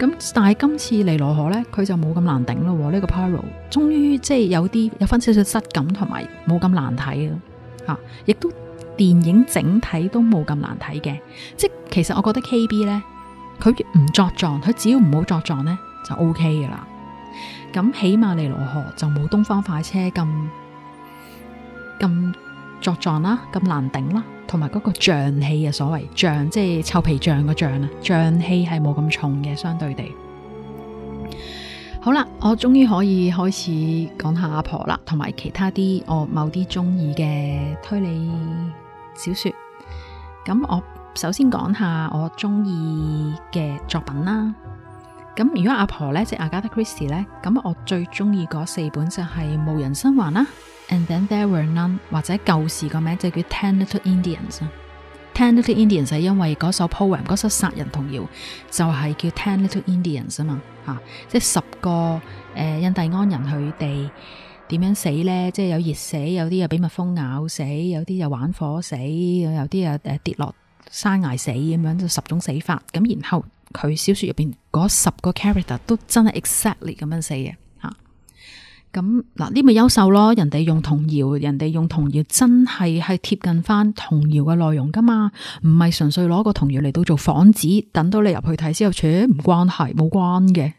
咁但係今次《尼羅河》呢，佢就冇咁難頂咯，呢個《Parole》終於即係有啲有翻少少質感同埋冇咁難睇咯，啊，亦都電影整體都冇咁難睇嘅，即其實我覺得 K B 呢，佢唔作狀，佢只要唔好作狀呢，就 O K 噶啦，咁、啊、起碼《尼羅河》就冇《東方快車》咁咁作狀啦，咁難頂啦。同埋嗰個瘴氣啊，所謂瘴，即係臭皮瘴個瘴啦，瘴氣係冇咁重嘅，相對地，好啦，我終於可以開始講下阿婆啦，同埋其他啲我某啲中意嘅推理小說。咁我首先講下我中意嘅作品啦。咁如果阿婆呢，即係 Agatha Christie 呢，咁我最中意嗰四本就係《無人生還》啦。And then there were none，或者舊時個名就叫 Ten Little Indians。Ten Little Indians 就係因為嗰首 poem，嗰首殺人童謠就係叫 Ten Little Indians 啊嘛，即係十個、呃、印第安人佢哋點樣死呢？即係有熱死，有啲又俾蜜蜂咬死，有啲又玩火死，有啲又跌落山崖死咁樣，就十種死法。咁然後佢小説入邊嗰十個 character 都真係 exactly 咁樣死嘅。咁嗱，呢咪優秀咯？人哋用童謠，人哋用童謠真係係貼近翻童謠嘅內容噶嘛？唔係純粹攞個童謠嚟到做幌子，等到你入去睇先，又扯唔關係，冇關嘅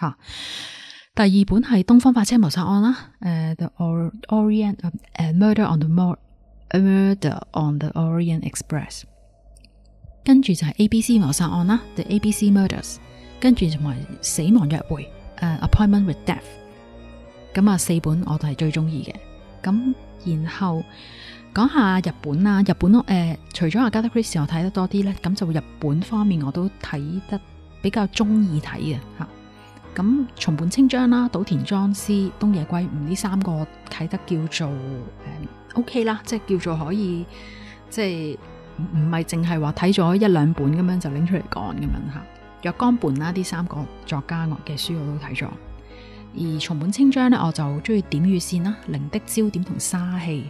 吓。第二本係《東方快車謀殺案》啦，誒，the orient 誒，murder on the mo，a murder on the Orient Express。跟住就係 A B C 謀殺案啦，the A B C murders。跟住就同埋死亡約會，誒，appointment with death。咁啊，四本我都係最中意嘅。咁然後講下日本啦，日本咯，誒、呃，除咗 Agatha Christie，我睇得多啲咧，咁就日本方面我都睇得比較中意睇嘅吓。咁松本清張啦、島田莊司、東野圭吾呢三個睇得叫做、呃、O.K. 啦，即係叫做可以，即係唔係淨係話睇咗一兩本咁樣就拎出嚟講咁樣吓。若干本啦，呢三個作家我嘅書我都睇咗。而松本清張呢，我就中意點與線啦，零的焦點同砂器，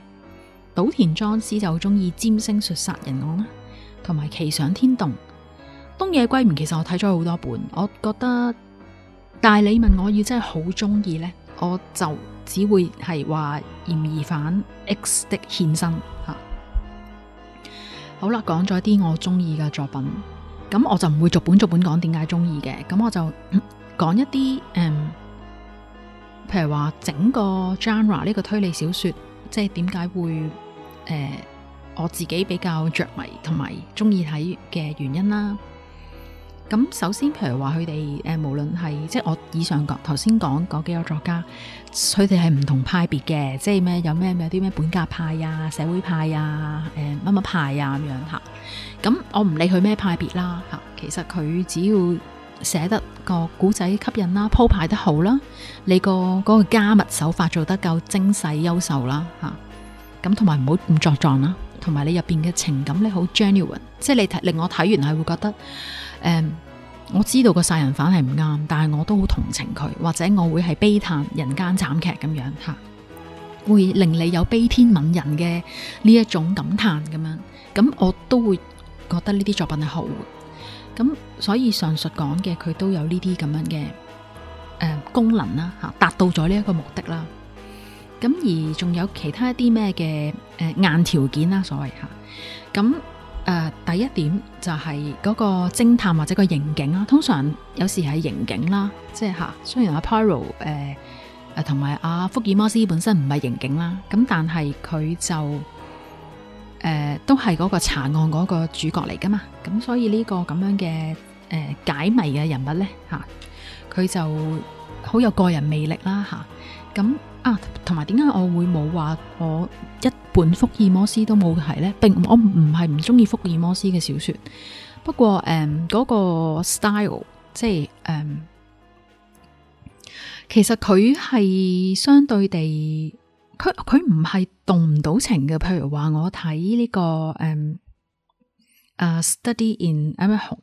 島田莊司就中意占星術殺人案啦，同埋奇想天動。東野圭吾其實我睇咗好多本，我覺得，但係你問我要真係好中意呢，我就只會係話嫌疑犯 X 的獻身。吓、啊、好啦，講咗啲我中意嘅作品，咁我就唔會逐本逐本講點解中意嘅，咁我就講、嗯、一啲誒。嗯譬如話整個 genre 呢個推理小說，即係點解會誒、呃、我自己比較着迷同埋中意睇嘅原因啦。咁首先譬如話佢哋誒無論係即係我以上講頭先講嗰幾個作家，佢哋係唔同派別嘅，即係咩有咩有啲咩本格派啊、社會派啊、誒乜乜派啊咁樣吓。咁我唔理佢咩派別啦吓，其實佢只要。寫得個古仔吸引啦，鋪排得好啦，你個個加密手法做得夠精細優秀啦吓，咁同埋唔好咁作狀啦，同埋你入邊嘅情感咧好 genuine，即係你令我睇完係會覺得，誒、嗯，我知道個殺人犯係唔啱，但係我都好同情佢，或者我會係悲嘆人間慘劇咁樣吓、啊，會令你有悲天憫人嘅呢一種感嘆咁樣，咁我都會覺得呢啲作品係好。咁所以上述講嘅佢都有呢啲咁樣嘅誒、呃、功能啦吓，達到咗呢一個目的啦。咁、啊、而仲有其他一啲咩嘅誒硬條件啦，所謂吓。咁、啊、誒、呃、第一點就係嗰個偵探或者個刑警啦，通常有時係刑警啦，即係吓、啊。雖然阿、啊、Poirot 誒誒同埋阿福爾摩斯本身唔係刑警啦，咁、啊、但係佢就。誒、呃，都係嗰個查案嗰個主角嚟噶嘛？咁所以呢個咁樣嘅誒、呃、解謎嘅人物呢，吓、啊、佢就好有個人魅力啦，吓咁啊，同埋點解我會冇話我一本福爾摩斯都冇提呢，並我唔係唔中意福爾摩斯嘅小說，不過誒嗰、嗯那個 style 即係誒、嗯，其實佢係相對地。佢佢唔係動唔到情嘅，譬如話我睇呢、這個誒誒《um, Study in》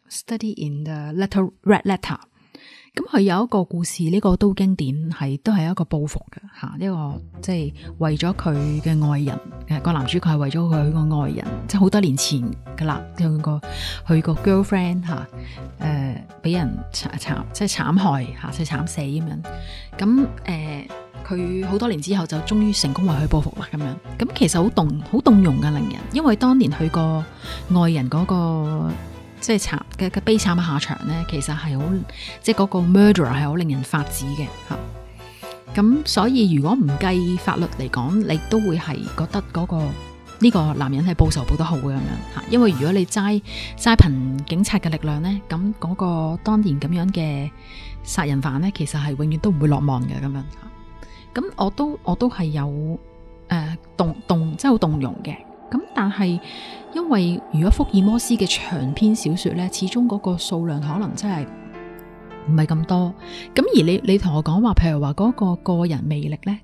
Study in》嘅《Letter Red Letter、嗯》咁，佢有一個故事，呢、這個都經典，係都係一個報復嘅嚇，一、啊這個即係、就是、為咗佢嘅愛人誒個、啊、男主角係為咗佢個愛人，即係好多年前嘅啦，有佢個 girlfriend 嚇誒俾人慘慘即係慘害嚇，即係慘死咁樣咁誒。啊佢好多年之後就終於成功為佢報復啦，咁樣咁其實好動好動容嘅令人，因為當年佢個愛人嗰個即係慘嘅悲慘嘅下場呢，其實係好即係嗰個 murderer 係好令人發指嘅吓。咁所以如果唔計法律嚟講，你都會係覺得嗰個呢個男人係報仇報得好嘅咁樣吓。因為如果你齋齋憑警察嘅力量呢，咁嗰個當年咁樣嘅殺人犯呢，其實係永遠都唔會落網嘅咁樣。咁我都我都係有誒、呃、動動即係好動容嘅，咁但係因為如果福爾摩斯嘅長篇小說咧，始終嗰個數量可能真係唔係咁多，咁而你你同我講話，譬如話嗰個個人魅力咧，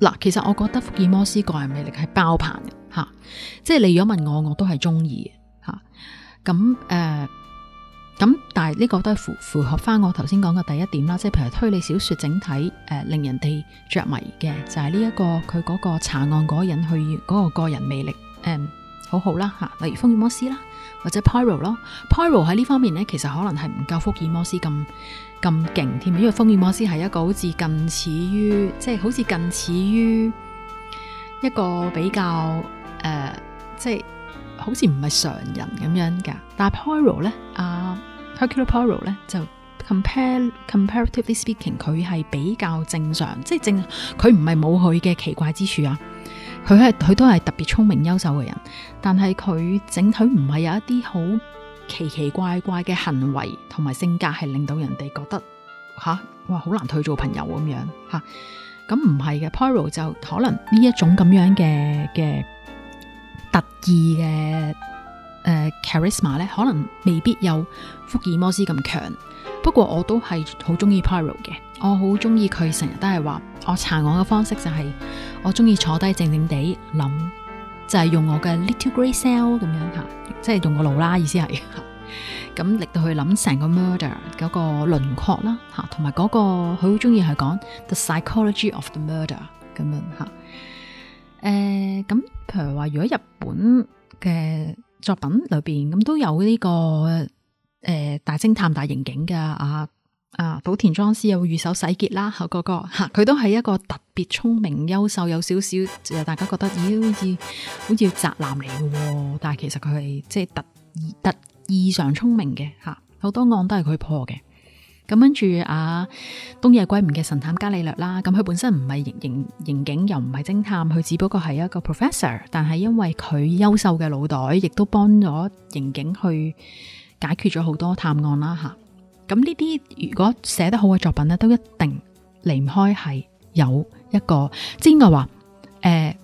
嗱，其實我覺得福爾摩斯個人魅力係爆棚嘅吓，即係你如果問我，我都係中意吓，咁、啊、誒。啊咁，但係呢個都係符符合翻我頭先講嘅第一點啦，即係譬如推理小說整體誒、呃，令人哋着迷嘅就係呢一個，佢嗰個查案嗰個人去嗰、嗰個個人魅力誒，好、嗯、好啦吓，例、啊、如《福爾摩斯》啦，或者 Poirot 囉，《咯 Poirot 喺呢方面呢，其實可能係唔夠福爾摩斯咁咁勁添，因為福爾摩斯係一個好似近似於，即、就、係、是、好似近似於一個比較誒，即、呃、係、就是、好似唔係常人咁樣噶，但係 Poirot 呢。咧啊。Hercule Poirot 咧就 compare comparatively speaking，佢係比較正常，即係正佢唔係冇佢嘅奇怪之處啊。佢係佢都係特別聰明優秀嘅人，但係佢整體唔係有一啲好奇奇怪怪嘅行為同埋性格，係令到人哋覺得吓？哇，好難退做朋友咁樣嚇。咁唔係嘅 Poirot 就可能呢一種咁樣嘅嘅特異嘅。誒、呃、，Charisma 咧可能未必有福爾摩斯咁強，不過我都係好中意 Poirot 嘅。我好中意佢成日都係話我查案嘅方式就係、是、我中意坐低靜靜地諗，就係、是、用我嘅 little grey cell 咁樣吓、啊，即係用個腦啦。意思係咁、啊、力到去諗成個 murder 嗰個輪廓啦吓，同埋嗰個佢好中意係講 the psychology of the murder 咁樣吓。誒、啊，咁、啊、譬如話如果日本嘅。作品裏邊，咁都有呢、這個誒、呃、大偵探、大刑警嘅，啊啊，島田莊司有御手洗潔啦吓，個吓佢都係一個特別聰明優秀，有少少大家覺得咦好似好似宅男嚟嘅，但係其實佢係即係特特異常聰明嘅吓，啊、好多案都係佢破嘅。咁跟住啊，東野圭吾嘅神探伽利略啦，咁佢本身唔係刑刑刑警，又唔係偵探，佢只不過係一個 professor，但係因為佢優秀嘅腦袋，亦都幫咗刑警去解決咗好多探案啦吓。咁呢啲如果寫得好嘅作品咧，都一定離唔開係有一個，即應該話誒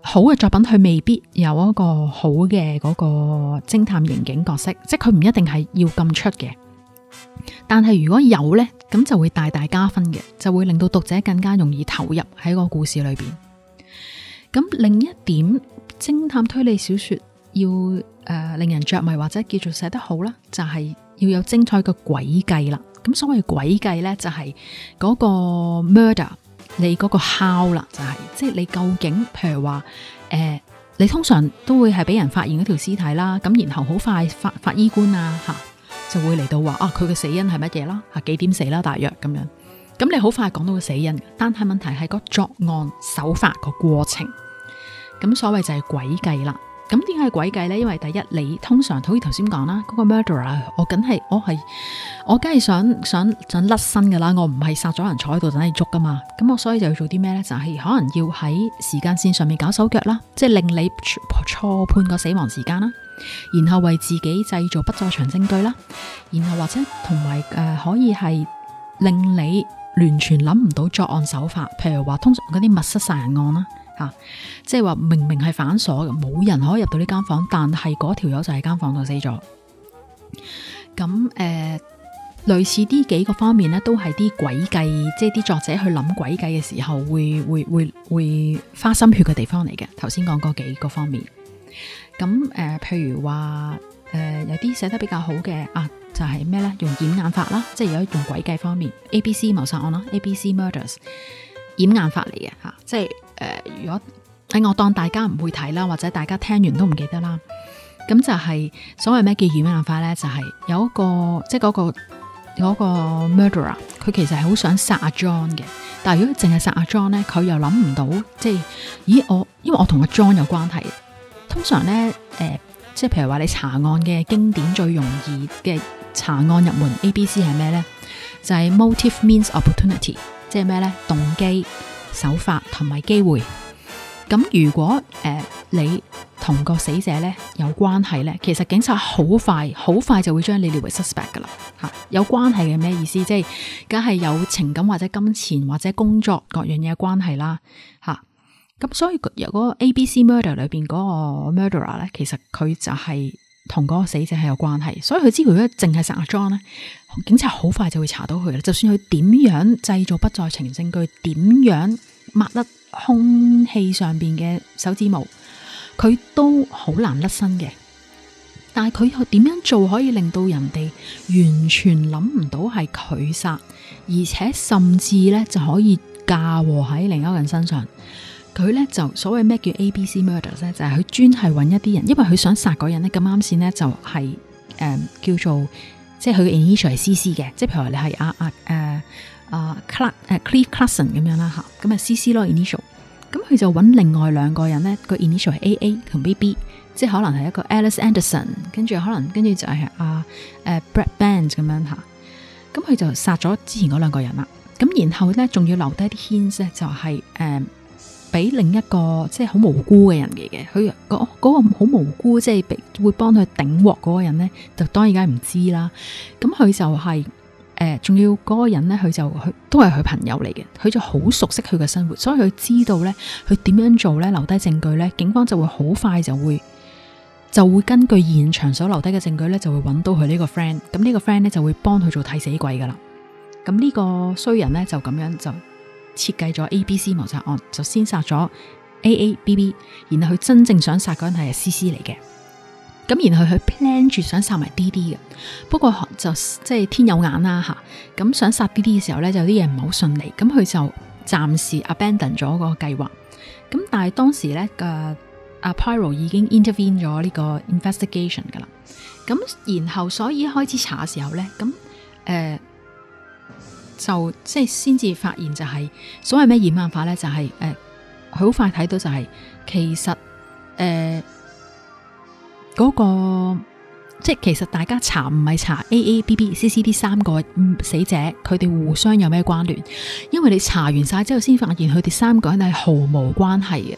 好嘅作品，佢未必有一個好嘅嗰個偵探刑警角色，即係佢唔一定係要咁出嘅。但係如果有呢，咁就會大大加分嘅，就會令到讀者更加容易投入喺個故事裏邊。咁另一點，偵探推理小說要誒、呃、令人着迷或者叫做寫得好啦，就係、是、要有精彩嘅詭計啦。咁所謂詭計呢，就係、是、嗰個 murder，你嗰個 how 啦、就是，就係即係你究竟，譬如話誒、呃，你通常都會係俾人發現嗰條屍體啦，咁然後好快發法醫官啊吓。.就會嚟到話啊，佢嘅死因係乜嘢啦？吓，幾點死啦？大約咁樣，咁你好快講到個死因，但係問題係個作案手法、個過程，咁所謂就係詭計啦。咁點解係詭計呢？因為第一，你通常好似頭先講啦，嗰個 murderer，我梗係我係我梗係想想想甩身噶啦，我唔係殺咗人坐喺度等你捉噶嘛。咁我所以就要做啲咩呢？就係可能要喺時間線上面搞手腳啦，即係令你錯判個死亡時間啦。然後為自己製造不在場證據啦，然後或者同埋誒，可以係令你完全諗唔到作案手法，譬如話通常嗰啲密室殺人案啦，吓、啊、即係話明明係反鎖嘅，冇人可以入到呢間房，但係嗰條友就喺間房度死咗。咁、嗯、誒、呃，類似呢幾個方面呢，都係啲詭計，即係啲作者去諗詭計嘅時候，會會會會花心血嘅地方嚟嘅。頭先講嗰幾個方面。咁誒、呃，譬如話誒、呃，有啲寫得比較好嘅啊，就係咩咧？用掩眼法啦，即係如果用詭計方面，A B C 謀殺案啦，A B C murders 掩眼法嚟嘅吓，即係誒、呃，如果喺我當大家唔會睇啦，或者大家聽完都唔記得啦，咁就係所謂咩叫掩眼法咧？就係、是、有一個即係嗰、嗰個、嗰個 murderer，佢其實係好想殺阿 John 嘅，但係如果淨係殺阿 John 咧，佢又諗唔到，即係咦我因為我同阿 John 有關係。通常咧，誒、呃，即係譬如話你查案嘅經典最容易嘅查案入門 A B C 係咩咧？就係、是、Motive, Means, Opportunity，即係咩咧？動機、手法同埋機會。咁如果誒、呃、你同個死者咧有關係咧，其實警察好快好快就會將你列為 suspect 噶啦。吓、啊，有關係嘅咩意思？即係梗係有情感或者金錢或者工作各樣嘢關係啦。吓、啊。咁所以，如果嗰個 A、B、C Murder 裏邊嗰個 Murderer 咧，其實佢就係同嗰個死者係有關係，所以佢知佢淨係殺阿 John 咧，警察好快就會查到佢啦，就算佢點樣製造不在情證據，佢點樣抹甩空氣上邊嘅手指毛，佢都好難甩身嘅。但係佢又點樣做可以令到人哋完全諗唔到係佢殺，而且甚至咧就可以嫁禍喺另一個人身上。佢咧就所謂咩叫 A B C murder 咧，就係佢專係揾一啲人，因為佢想殺嗰人咧咁啱先咧就係、是呃、叫做即係佢 initial 係 C C 嘅，即係譬如話你係啊啊啊，啊，Cl 啊 Cliff Cliff Clason 咁樣啦，咁啊 C C 咯 initial，咁佢、嗯、就揾另外兩個人咧個 initial 係 A A 同 B B，即係可能係一個 Alice Anderson，跟住可能跟住就係啊 Brad Band 咁樣，咁佢、嗯、就殺咗之前嗰兩個人啦，咁然後咧仲要留低啲 hints 咧就係、是、誒。嗯俾另一個即係好無辜嘅人嚟嘅，佢嗰嗰個好、那個、無辜，即係會幫佢頂鑊嗰個人呢，就當然梗係唔知啦。咁佢就係、是、誒，仲、呃、要嗰個人呢，佢就佢都係佢朋友嚟嘅，佢就好熟悉佢嘅生活，所以佢知道呢，佢點樣做呢？留低證據呢，警方就會好快就會就會根據現場所留低嘅證據呢，就會揾到佢呢個 friend。咁呢個 friend 呢，就會幫佢做替死鬼噶啦。咁呢個衰人呢，就咁樣就。設計咗 A、B、C 謀殺案，就先殺咗 A、A、B、B，然後佢真正想殺嗰人係 C, C. C.、C 嚟嘅。咁然後佢 plan 住想殺埋 D、D 嘅，不過就即係、就是、天有眼啦、啊、吓。咁想殺 D、D 嘅時候咧，就有啲嘢唔係好順利，咁佢就暫時 abandon 咗個計劃。咁但係當時咧個阿 Pyrro 已經 intervene 咗呢個 investigation 噶啦。咁然後所以開始查嘅時候咧，咁誒。呃就即係先至發現就係所謂咩掩眼法咧就係、是、誒，佢、呃、好快睇到就係、是、其實誒嗰、呃那個即係其實大家查唔係查 A A B B C C D 三個死者佢哋互相有咩關聯？因為你查完晒之後先發現佢哋三個人係毫無關係嘅。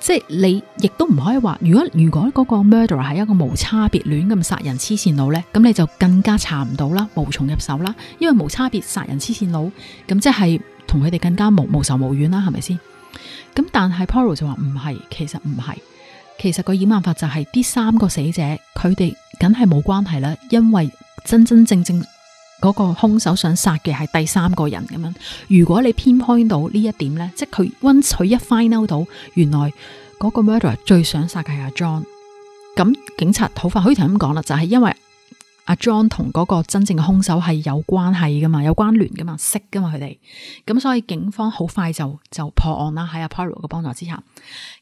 即係你亦都唔可以話，如果如果嗰個 murderer 係一個無差別亂咁殺人黐線佬呢，咁你就更加查唔到啦，無從入手啦，因為無差別殺人黐線佬，咁即係同佢哋更加無無仇無怨啦，係咪先？咁但係 Poirot 就話唔係，其實唔係，其實個掩眼法就係、是、啲三個死者佢哋梗係冇關係啦，因為真真正正。嗰個凶手想殺嘅係第三個人咁樣，如果你偏開到呢一點咧，即係佢溫佢一 find out 到，原來嗰個 murderer 最想殺嘅係阿 John，咁警察好快，可以同咁講啦，就係、是、因為阿 John 同嗰個真正嘅凶手係有關係噶嘛，有關聯噶嘛，識噶嘛佢哋，咁所以警方好快就就破案啦，喺阿 Poirot 嘅幫助之下，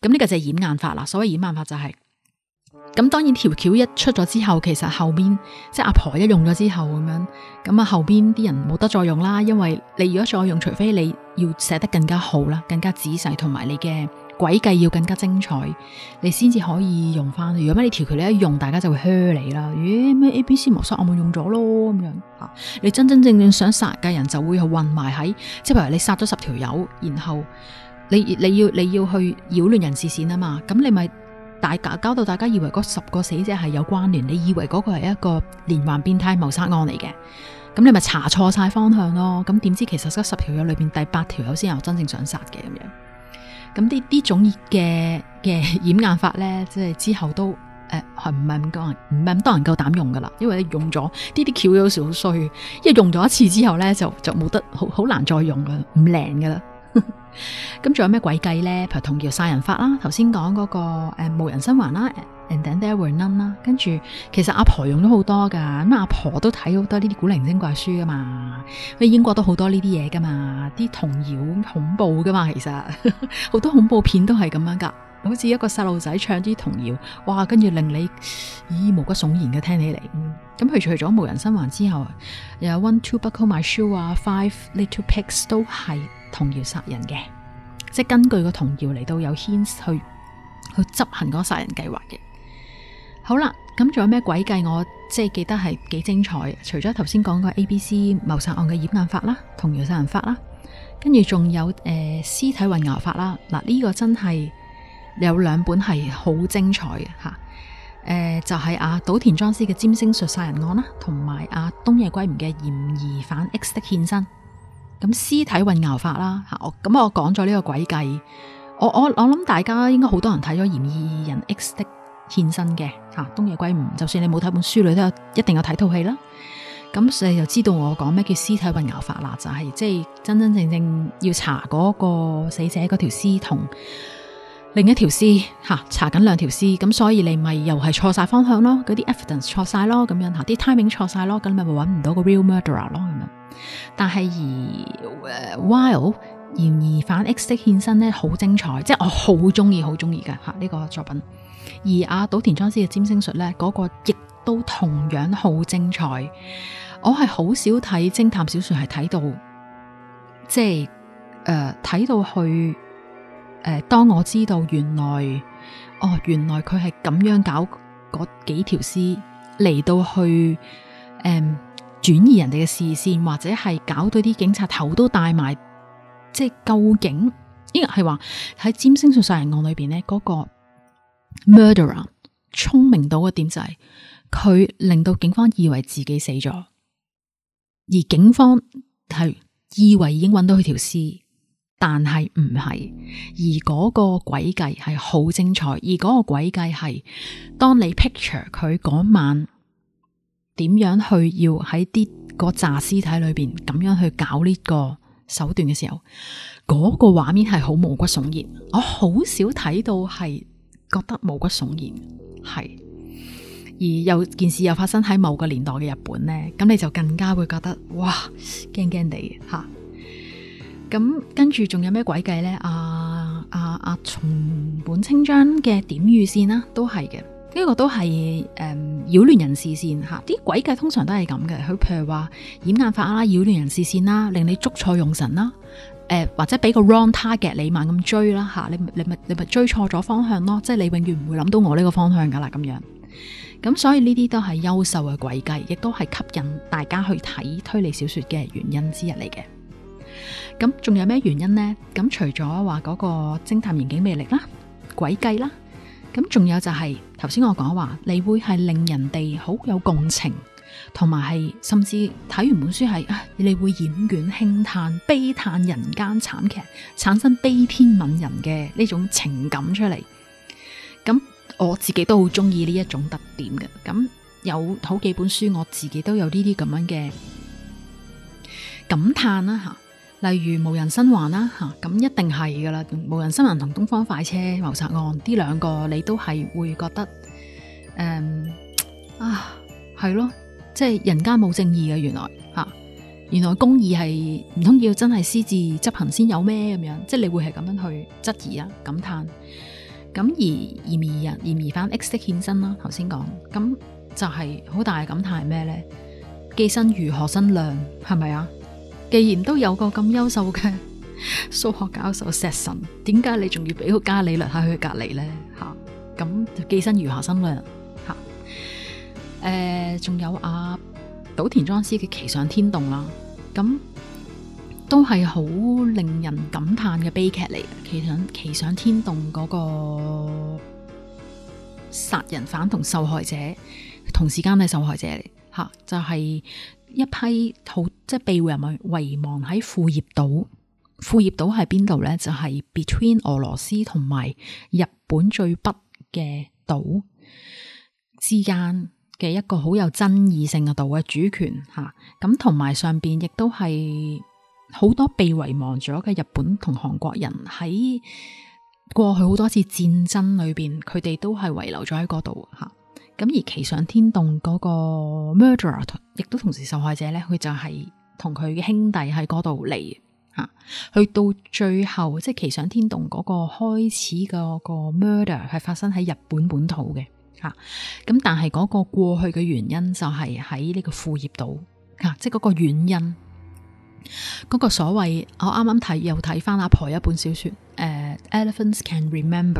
咁呢個就係掩眼法啦，所謂掩眼法就係、是。咁當然條橋一出咗之後，其實後邊即係阿婆一用咗之後咁樣，咁啊後邊啲人冇得再用啦，因為你如果再用，除非你要寫得更加好啦，更加仔細，同埋你嘅詭計要更加精彩，你先至可以用翻。如果唔係你條橋你一用，大家就會噓你啦。咦咩 A B C 模式？我冇用咗咯，咁樣你真真正正想殺嘅人就會去混埋喺，即係譬如你殺咗十條友，然後你你要你要去擾亂人視線啊嘛，咁你咪。大搞到大家以為嗰十個死者係有關聯，你以為嗰個係一個連環變態謀殺案嚟嘅，咁你咪查錯晒方向咯。咁點知其實十條友裏邊第八條友先係我真正想殺嘅咁樣。咁呢啲種嘅嘅掩眼法咧，即係之後都誒係唔係咁多人唔係咁多人夠膽用噶啦，因為用咗呢啲橋有時好衰，因為用咗一次之後咧就就冇得好好難再用噶啦，唔靈噶啦。不咁仲 有咩詭計咧？譬如童謠殺人法啦，頭先講嗰個誒無人生還啦，And then there were none 啦，跟住其實阿婆，婆用咗好多噶，咁阿婆都睇好多呢啲古靈精怪書噶嘛，咁英國都好多呢啲嘢噶嘛，啲童謠恐怖噶嘛，其實好多恐怖片都係咁樣噶，好似一個細路仔唱啲童謠，哇，跟住令你咦毛骨悚然嘅聽起嚟。咁佢除咗無人生還之後，又有 One Two Buckle My Shoe 啊，Five Little Pigs 都係。童謠殺人嘅，即係根據個童謠嚟到有牽去去執行嗰個殺人計劃嘅。好啦，咁仲有咩詭計？我即係記得係幾精彩。除咗頭先講過 A、B、C 謀殺案嘅掩眼法啦，童謠殺人法啦，跟住仲有誒屍、呃、體混淆法啦。嗱、呃、呢、這個真係有兩本係好精彩嘅吓。誒、呃，就係阿島田莊司嘅《占星術殺人案》啦、啊，同埋阿東野圭吾嘅《嫌疑犯 X 的獻身》。咁屍體混淆法啦吓，我咁我講咗呢個詭計，我我我諗大家應該好多人睇咗《嫌疑人 X 的獻身》嘅吓，《東野圭吾》，就算你冇睇本書裏，都有一定有睇套戲啦。咁你就知道我講咩叫屍體混淆法啦，就係即係真真正正要查嗰個死者嗰條屍同，另一條屍、啊、查緊兩條屍，咁所以你咪又係錯晒方向咯，嗰啲 evidence 錯晒咯，咁樣啲 timing 錯晒咯，咁咪咪搵唔到個 real murderer 咯咁樣。但係而 while 嫌疑犯 X 的獻身咧，好精彩，即係我好中意，好中意嘅呢個作品。而阿、啊、島田莊司嘅《占星術》呢咧，嗰個亦都同樣好精彩。我係好少睇偵探小說，係睇到即係睇到去。誒，當我知道原來哦，原來佢係咁樣搞嗰幾條屍嚟到去誒、嗯、轉移人哋嘅視線，或者係搞到啲警察頭都大埋，即係究竟應該係話喺占星術殺人案裏邊呢，嗰個 murderer 聰明到嘅點就係、是、佢令到警方以為自己死咗，而警方係以為已經揾到佢條屍。但係唔係，而嗰個詭計係好精彩，而嗰個詭計係當你 picture 佢嗰晚點樣去要喺啲個炸屍體裏邊咁樣去搞呢個手段嘅時候，嗰個畫面係好毛骨悚然。我好少睇到係覺得毛骨悚然，係而又件事又發生喺某個年代嘅日本呢，咁你就更加會覺得哇驚驚地吓。怕怕咁跟住仲有咩詭計呢？啊啊啊，松、啊、本清張嘅點與線啦，都係嘅，呢個都係誒擾亂人視線吓，啲、啊、詭計通常都係咁嘅。佢譬如話掩眼法啦，擾亂人視線啦，令你捉錯用神啦，誒、啊、或者俾個 wrong target 你猛咁追啦吓、啊，你你咪你咪追錯咗方向咯，即係你永遠唔會諗到我呢個方向噶啦咁樣。咁所以呢啲都係優秀嘅詭計，亦都係吸引大家去睇推理小說嘅原因之一嚟嘅。咁仲有咩原因呢？咁除咗話嗰個偵探刑警魅力啦、詭計啦，咁仲有就係頭先我講話，你會係令人哋好有共情，同埋係甚至睇完本書係啊，你會掩卷輕嘆、悲嘆人間慘劇，產生悲天憫人嘅呢種情感出嚟。咁我自己都好中意呢一種特點嘅。咁有好幾本書，我自己都有呢啲咁樣嘅感嘆啦吓。例如無人生還啦吓，咁、啊、一定係噶啦。無人生還同東方快車謀殺案呢兩個，你都係會覺得誒、嗯、啊，係咯，即係人間冇正義嘅，原來吓，原來公義係唔通要真係私自執行先有咩？咁樣？即係你會係咁樣去質疑啊，感嘆。咁嫌疑人、嫌疑犯 X 的獻身啦，頭先講，咁就係好大嘅感嘆咩呢？技身如何新量係咪啊？既然都有個咁優秀嘅數學教授石神，點解你仲要俾個加里略喺佢隔籬呢？吓、啊、咁寄生魚下生咧，吓、啊、誒，仲、呃、有阿、啊、島田莊司嘅《奇想天動》啦，咁都係好令人感嘆嘅悲劇嚟。奇想奇想天動嗰個殺人犯同受害者，同時間係受害者嚟，吓、啊、就係、是。一批好即係被人忘遺忘喺庫頁島，庫頁島係邊度咧？就係、是、Between 俄羅斯同埋日本最北嘅島之間嘅一個好有爭議性嘅島嘅主權吓，咁同埋上邊亦都係好多被遺忘咗嘅日本同韓國人喺過去好多次戰爭裏邊佢哋都係遺留咗喺嗰度吓。啊咁而《奇想天動》嗰個 murderer 亦都同時受害者咧，佢就係同佢嘅兄弟喺嗰度嚟吓，去到最後，即係《奇想天動》嗰個開始嗰個 murder 係發生喺日本本土嘅吓，咁但係嗰個過去嘅原因就係喺呢個副業度即係嗰個原因，嗰、嗰個所謂我啱啱睇又睇翻阿婆一本小說，誒、uh，《Elephants Can Remember》。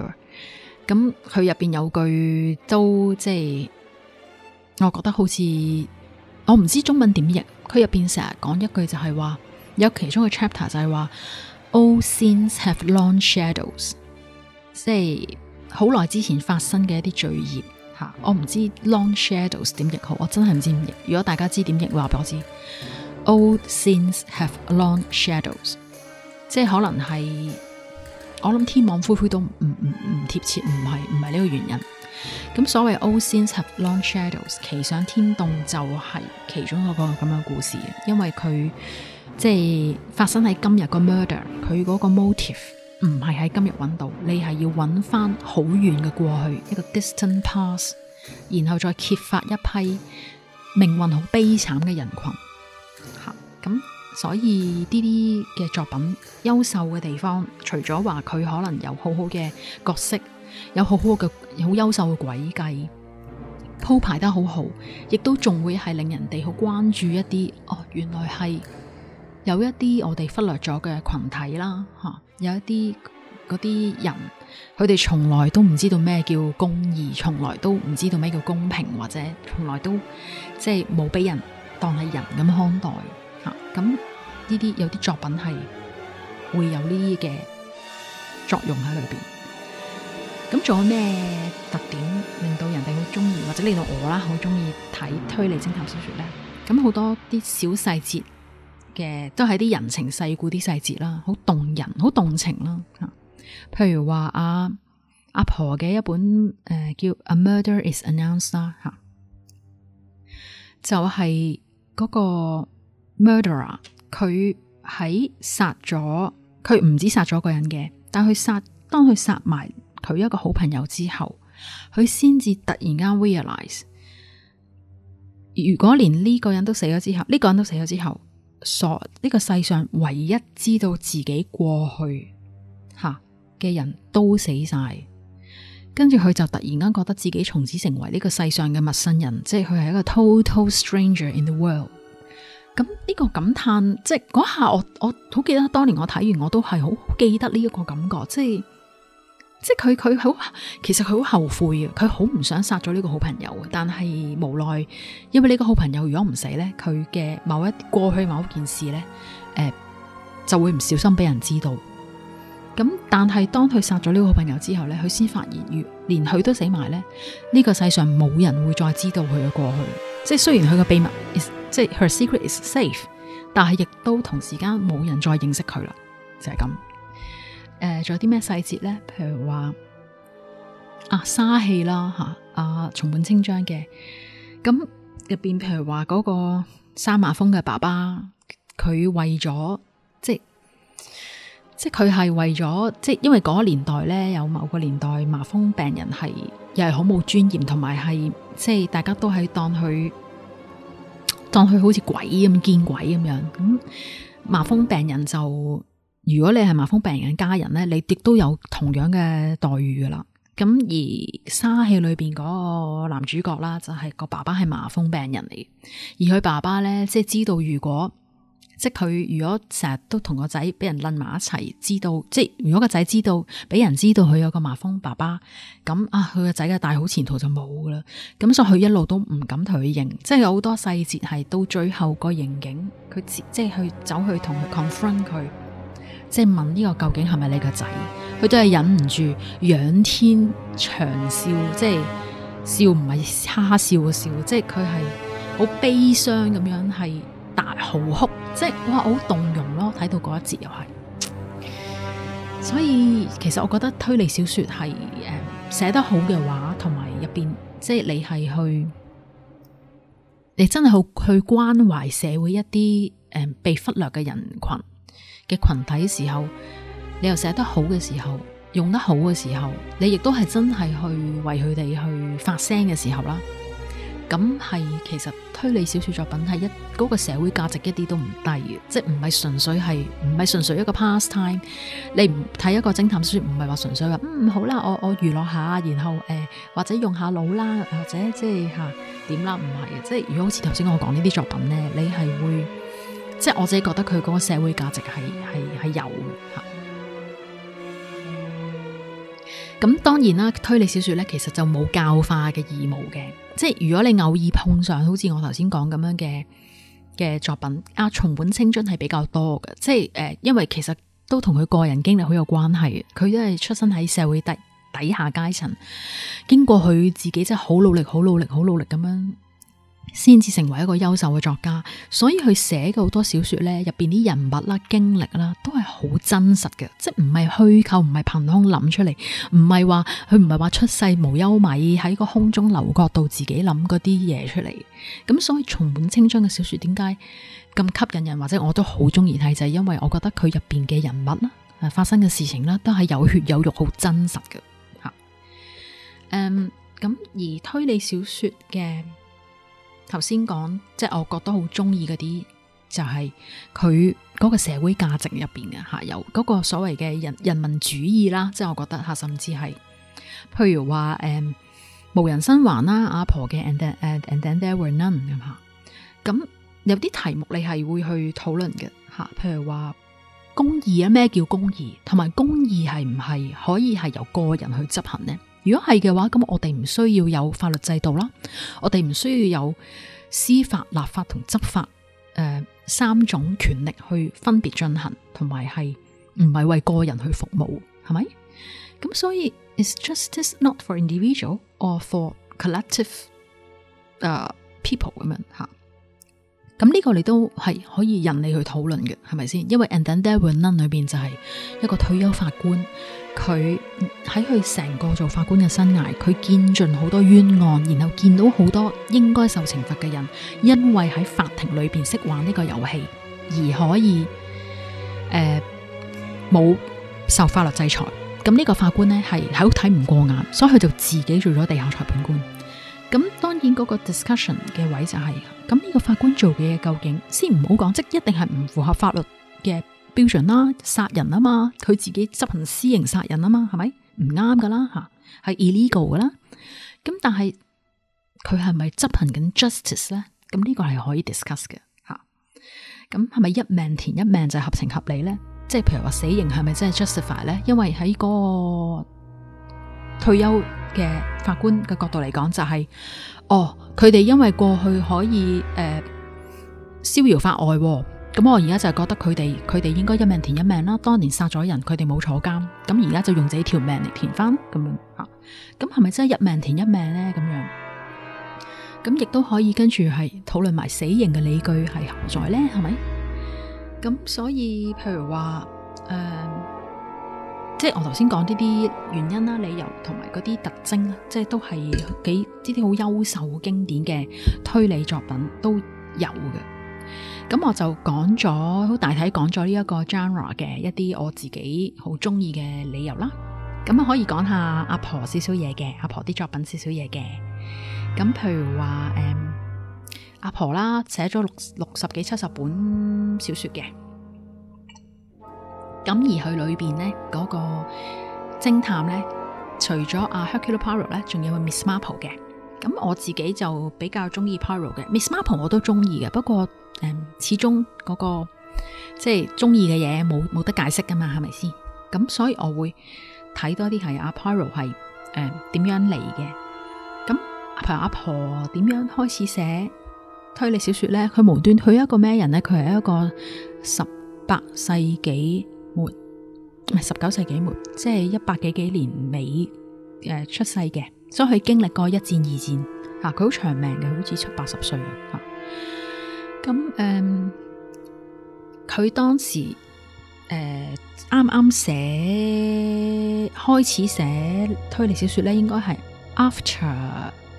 咁佢入邊有句都即係，我覺得好似我唔知中文點譯。佢入邊成日講一句就係話，有其中嘅 chapter 就係話，old sins have long shadows，即係好耐之前發生嘅一啲罪孽吓。我唔知 long shadows 點譯好，我真係唔知點譯。如果大家知點譯，話俾我知。old sins have long shadows，即係可能係。我諗天網恢恢都唔唔唔貼切，唔係唔係呢個原因。咁所謂 old sins have long shadows，奇想天動就係其中一個咁嘅故事。因為佢即係發生喺今日個 murder，佢嗰個 motive 唔係喺今日揾到，你係要揾翻好遠嘅過去一個 distant past，然後再揭發一批命運好悲慘嘅人群。吓咁。所以呢啲嘅作品優秀嘅地方，除咗話佢可能有好好嘅角色，有好好嘅好優秀嘅詭計鋪排得好好，亦都仲會係令人哋好關注一啲哦，原來係有一啲我哋忽略咗嘅群體啦，吓、啊、有一啲嗰啲人，佢哋從來都唔知道咩叫公義，從來都唔知道咩叫公平，或者從來都即係冇俾人當係人咁看待。吓，咁呢啲有啲作品係會有呢啲嘅作用喺裏邊。咁仲有咩特點令到人哋好中意，或者令到我啦好中意睇推理偵探小說咧？咁好多啲小細節嘅都係啲人情世故啲細節啦，好動人，好動情啦吓。譬如話阿阿婆嘅一本誒、呃、叫《A Murder Is Announced》啦吓、啊，就係、係、嗰、嗰個。murderer，佢喺殺咗佢唔止殺咗個人嘅，但佢殺當佢殺埋佢一個好朋友之後，佢先至突然間 realize，如果連呢個人都死咗之後，呢、呢個人都死咗之後，所、呢、呢個世上唯一知道自己過去吓嘅人都死晒，跟住佢就突然間覺得自己從此成為呢個世上嘅陌生人，即係佢係一個 total stranger in the world。咁呢個感嘆，即係嗰下我我好記得當年我睇完我都係好記得呢一個感覺，即係即係佢佢好其實佢好後悔嘅，佢好唔想殺咗呢個好朋友，但係無奈因為呢個好朋友如果唔死呢，佢嘅某一過去某件事呢，誒、呃，就會唔小心俾人知道。咁但係當佢殺咗呢個好朋友之後呢，佢先發現，如連佢都死埋呢，呢個世上冇人會再知道佢嘅過去。即係雖然佢嘅秘密。即係 her secret is safe，但係亦都同時間冇人再認識佢啦，就係、是、咁。誒、呃，仲有啲咩細節咧？譬如話啊砂器啦吓，啊松本清張嘅，咁入邊譬如話嗰、那個沙麻風嘅爸爸，佢為咗即係即係佢係為咗即係因為嗰個年代咧，有某個年代麻風病人係又係好冇尊嚴，同埋係即係大家都係當佢。當佢好似鬼咁見鬼咁樣，咁麻風病人就如果你係麻風病人家人咧，你亦都有同樣嘅待遇㗎喇。咁而沙戲裏邊嗰個男主角啦，就係嗰個爸爸係麻風病人嚟，而佢爸爸咧即係知道如果。即係佢如果成日都同個仔俾人撚埋一齊，知道即係如果個仔知道俾人知道佢有個麻風爸爸，咁啊佢個仔嘅大好前途就冇啦。咁所以佢一路都唔敢同佢認，即係有好多細節係到最後個刑警佢即係去走去同佢 confront 佢，即係問呢個究竟係咪你個仔？佢都係忍唔住仰天長笑，即係笑唔係哈哈笑嘅笑，即係佢係好悲傷咁樣係，大嚎哭，即係哇，好動容咯！睇到嗰一節又係，所以其實我覺得推理小說係誒寫得好嘅話，同埋入邊即係你係去，你真係好去關懷社會一啲誒、嗯、被忽略嘅人群嘅群體嘅時候，你又寫得好嘅時候，用得好嘅時候，你亦都係真係去為佢哋去發聲嘅時候啦。咁係其實推理小說作品係一嗰個社會價值一啲都唔低嘅，即係唔係純粹係唔係純粹一個 pastime。你唔睇一個偵探書唔係話純粹話嗯，好啦，我我娛樂下，然後誒、呃、或者用下腦啦，或者即係吓點啦，唔係嘅。即係、啊、如果好似頭先我講呢啲作品咧，你係會即係我自己覺得佢嗰個社會價值係係係有嘅。咁當然啦，推理小說咧，其實就冇教化嘅義務嘅。即係如果你偶爾碰上，好似我頭先講咁樣嘅嘅作品，阿、啊、松本清張係比較多嘅，即係誒、呃，因為其實都同佢個人經歷好有關係，佢都係出生喺社會底底下階層，經過佢自己即係好努力、好努力、好努力咁樣。先至成為一個優秀嘅作家，所以佢寫嘅好多小說呢，入邊啲人物啦、經歷啦，都係好真實嘅，即係唔係虛構，唔係憑空諗出嚟，唔係話佢唔係話出世無憂米喺個空中樓閣度自己諗嗰啲嘢出嚟。咁所以松本清張嘅小說點解咁吸引人，或者我都好中意，睇，就係、係、因為我覺得佢入邊嘅人物啦、啊發生嘅事情啦，都係有血有肉，好真實嘅。吓、嗯，咁而推理小說嘅。頭先講，即係我覺得好中意嗰啲，就係佢嗰個社會價值入邊嘅吓，有嗰個所謂嘅人人民主義啦，即係我覺得吓，甚至係譬如話誒、嗯、無人生還啦，阿、啊、婆嘅 and then and then there were none 咁吓，咁有啲題目你係會去討論嘅吓，譬如話公義啊，咩叫公義，同埋公義係唔係可以係由個人去執行呢？如果係嘅話，咁我哋唔需要有法律制度啦，我哋唔需要有司法、立法同執法，誒、呃，三種權力去分別進行，同埋係唔係為個人去服務，係咪？咁所以，is justice not for individual or for collective？uh, people 咁樣嚇，咁呢個你都係可以引嚟去討論嘅，係咪先？因為 and then there were none 裏邊就係一個退休法官。佢喺佢成個做法官嘅生涯，佢見盡好多冤案，然後見到好多應該受懲罰嘅人，因為喺法庭裏邊識玩呢個遊戲而可以誒冇、呃、受法律制裁。咁呢個法官咧係好睇唔過眼，所以佢就自己做咗地下裁判官。咁當然嗰個 discussion 嘅位就係，咁呢個法官做嘅嘢究竟，先唔好講，即係一定係唔符合法律嘅。標準啦、啊，殺人啊嘛，佢自己執行私刑殺人啊嘛，係咪唔啱噶啦吓？係 illegal 噶啦。咁但係佢係咪執行緊 justice 咧？咁呢個係可以 discuss 嘅吓。咁係咪一命填一命就合情合理咧？即係譬如話死刑係咪真係 justify 咧？因為喺嗰個退休嘅法官嘅角度嚟講、就係，就係哦，佢哋因為過去可以誒、呃、逍遙法外、啊。咁我而家就係覺得佢哋佢哋應該一命填一命啦。當年殺咗人，佢哋冇坐監，咁而家就用自己條命嚟填翻咁樣啊。咁係咪真係一命填一命咧？咁樣咁亦都可以跟住係討論埋死刑嘅理據係何在咧？係咪？咁所以譬如話誒、呃，即係我頭先講呢啲原因啦、理由同埋嗰啲特徵，即係都係幾呢啲好優秀好經典嘅推理作品都有嘅。咁我就講咗，好大體講咗呢一個 genre 嘅一啲我自己好中意嘅理由啦。咁啊，可以講下阿婆少少嘢嘅，阿婆啲作品少少嘢嘅。咁譬如話，誒、嗯，阿婆啦，寫咗六六十幾七十本小說嘅。咁而去裏邊呢嗰、那個偵探呢，除咗阿 Hercule Poirot 咧，仲有個 Miss Marple 嘅。咁我自己就比較中意 Poirot 嘅，Miss Marple 我都中意嘅，不過。嗯、始終嗰、那個即係中意嘅嘢冇冇得解釋噶嘛，係咪先？咁所以我會睇多啲係阿 Poirot 係誒點樣嚟嘅，咁阿、啊、婆阿婆點樣開始寫推理小說咧？佢無端佢一個咩人咧？佢係一個十八世紀末唔係十九世紀末，即係一百幾幾年尾誒、呃、出世嘅，所以佢經歷過一戰二戰吓，佢、啊、好長命嘅，好似七八十歲啊。咁誒，佢、嗯、當時誒啱啱寫開始寫推理小說咧，應該係 After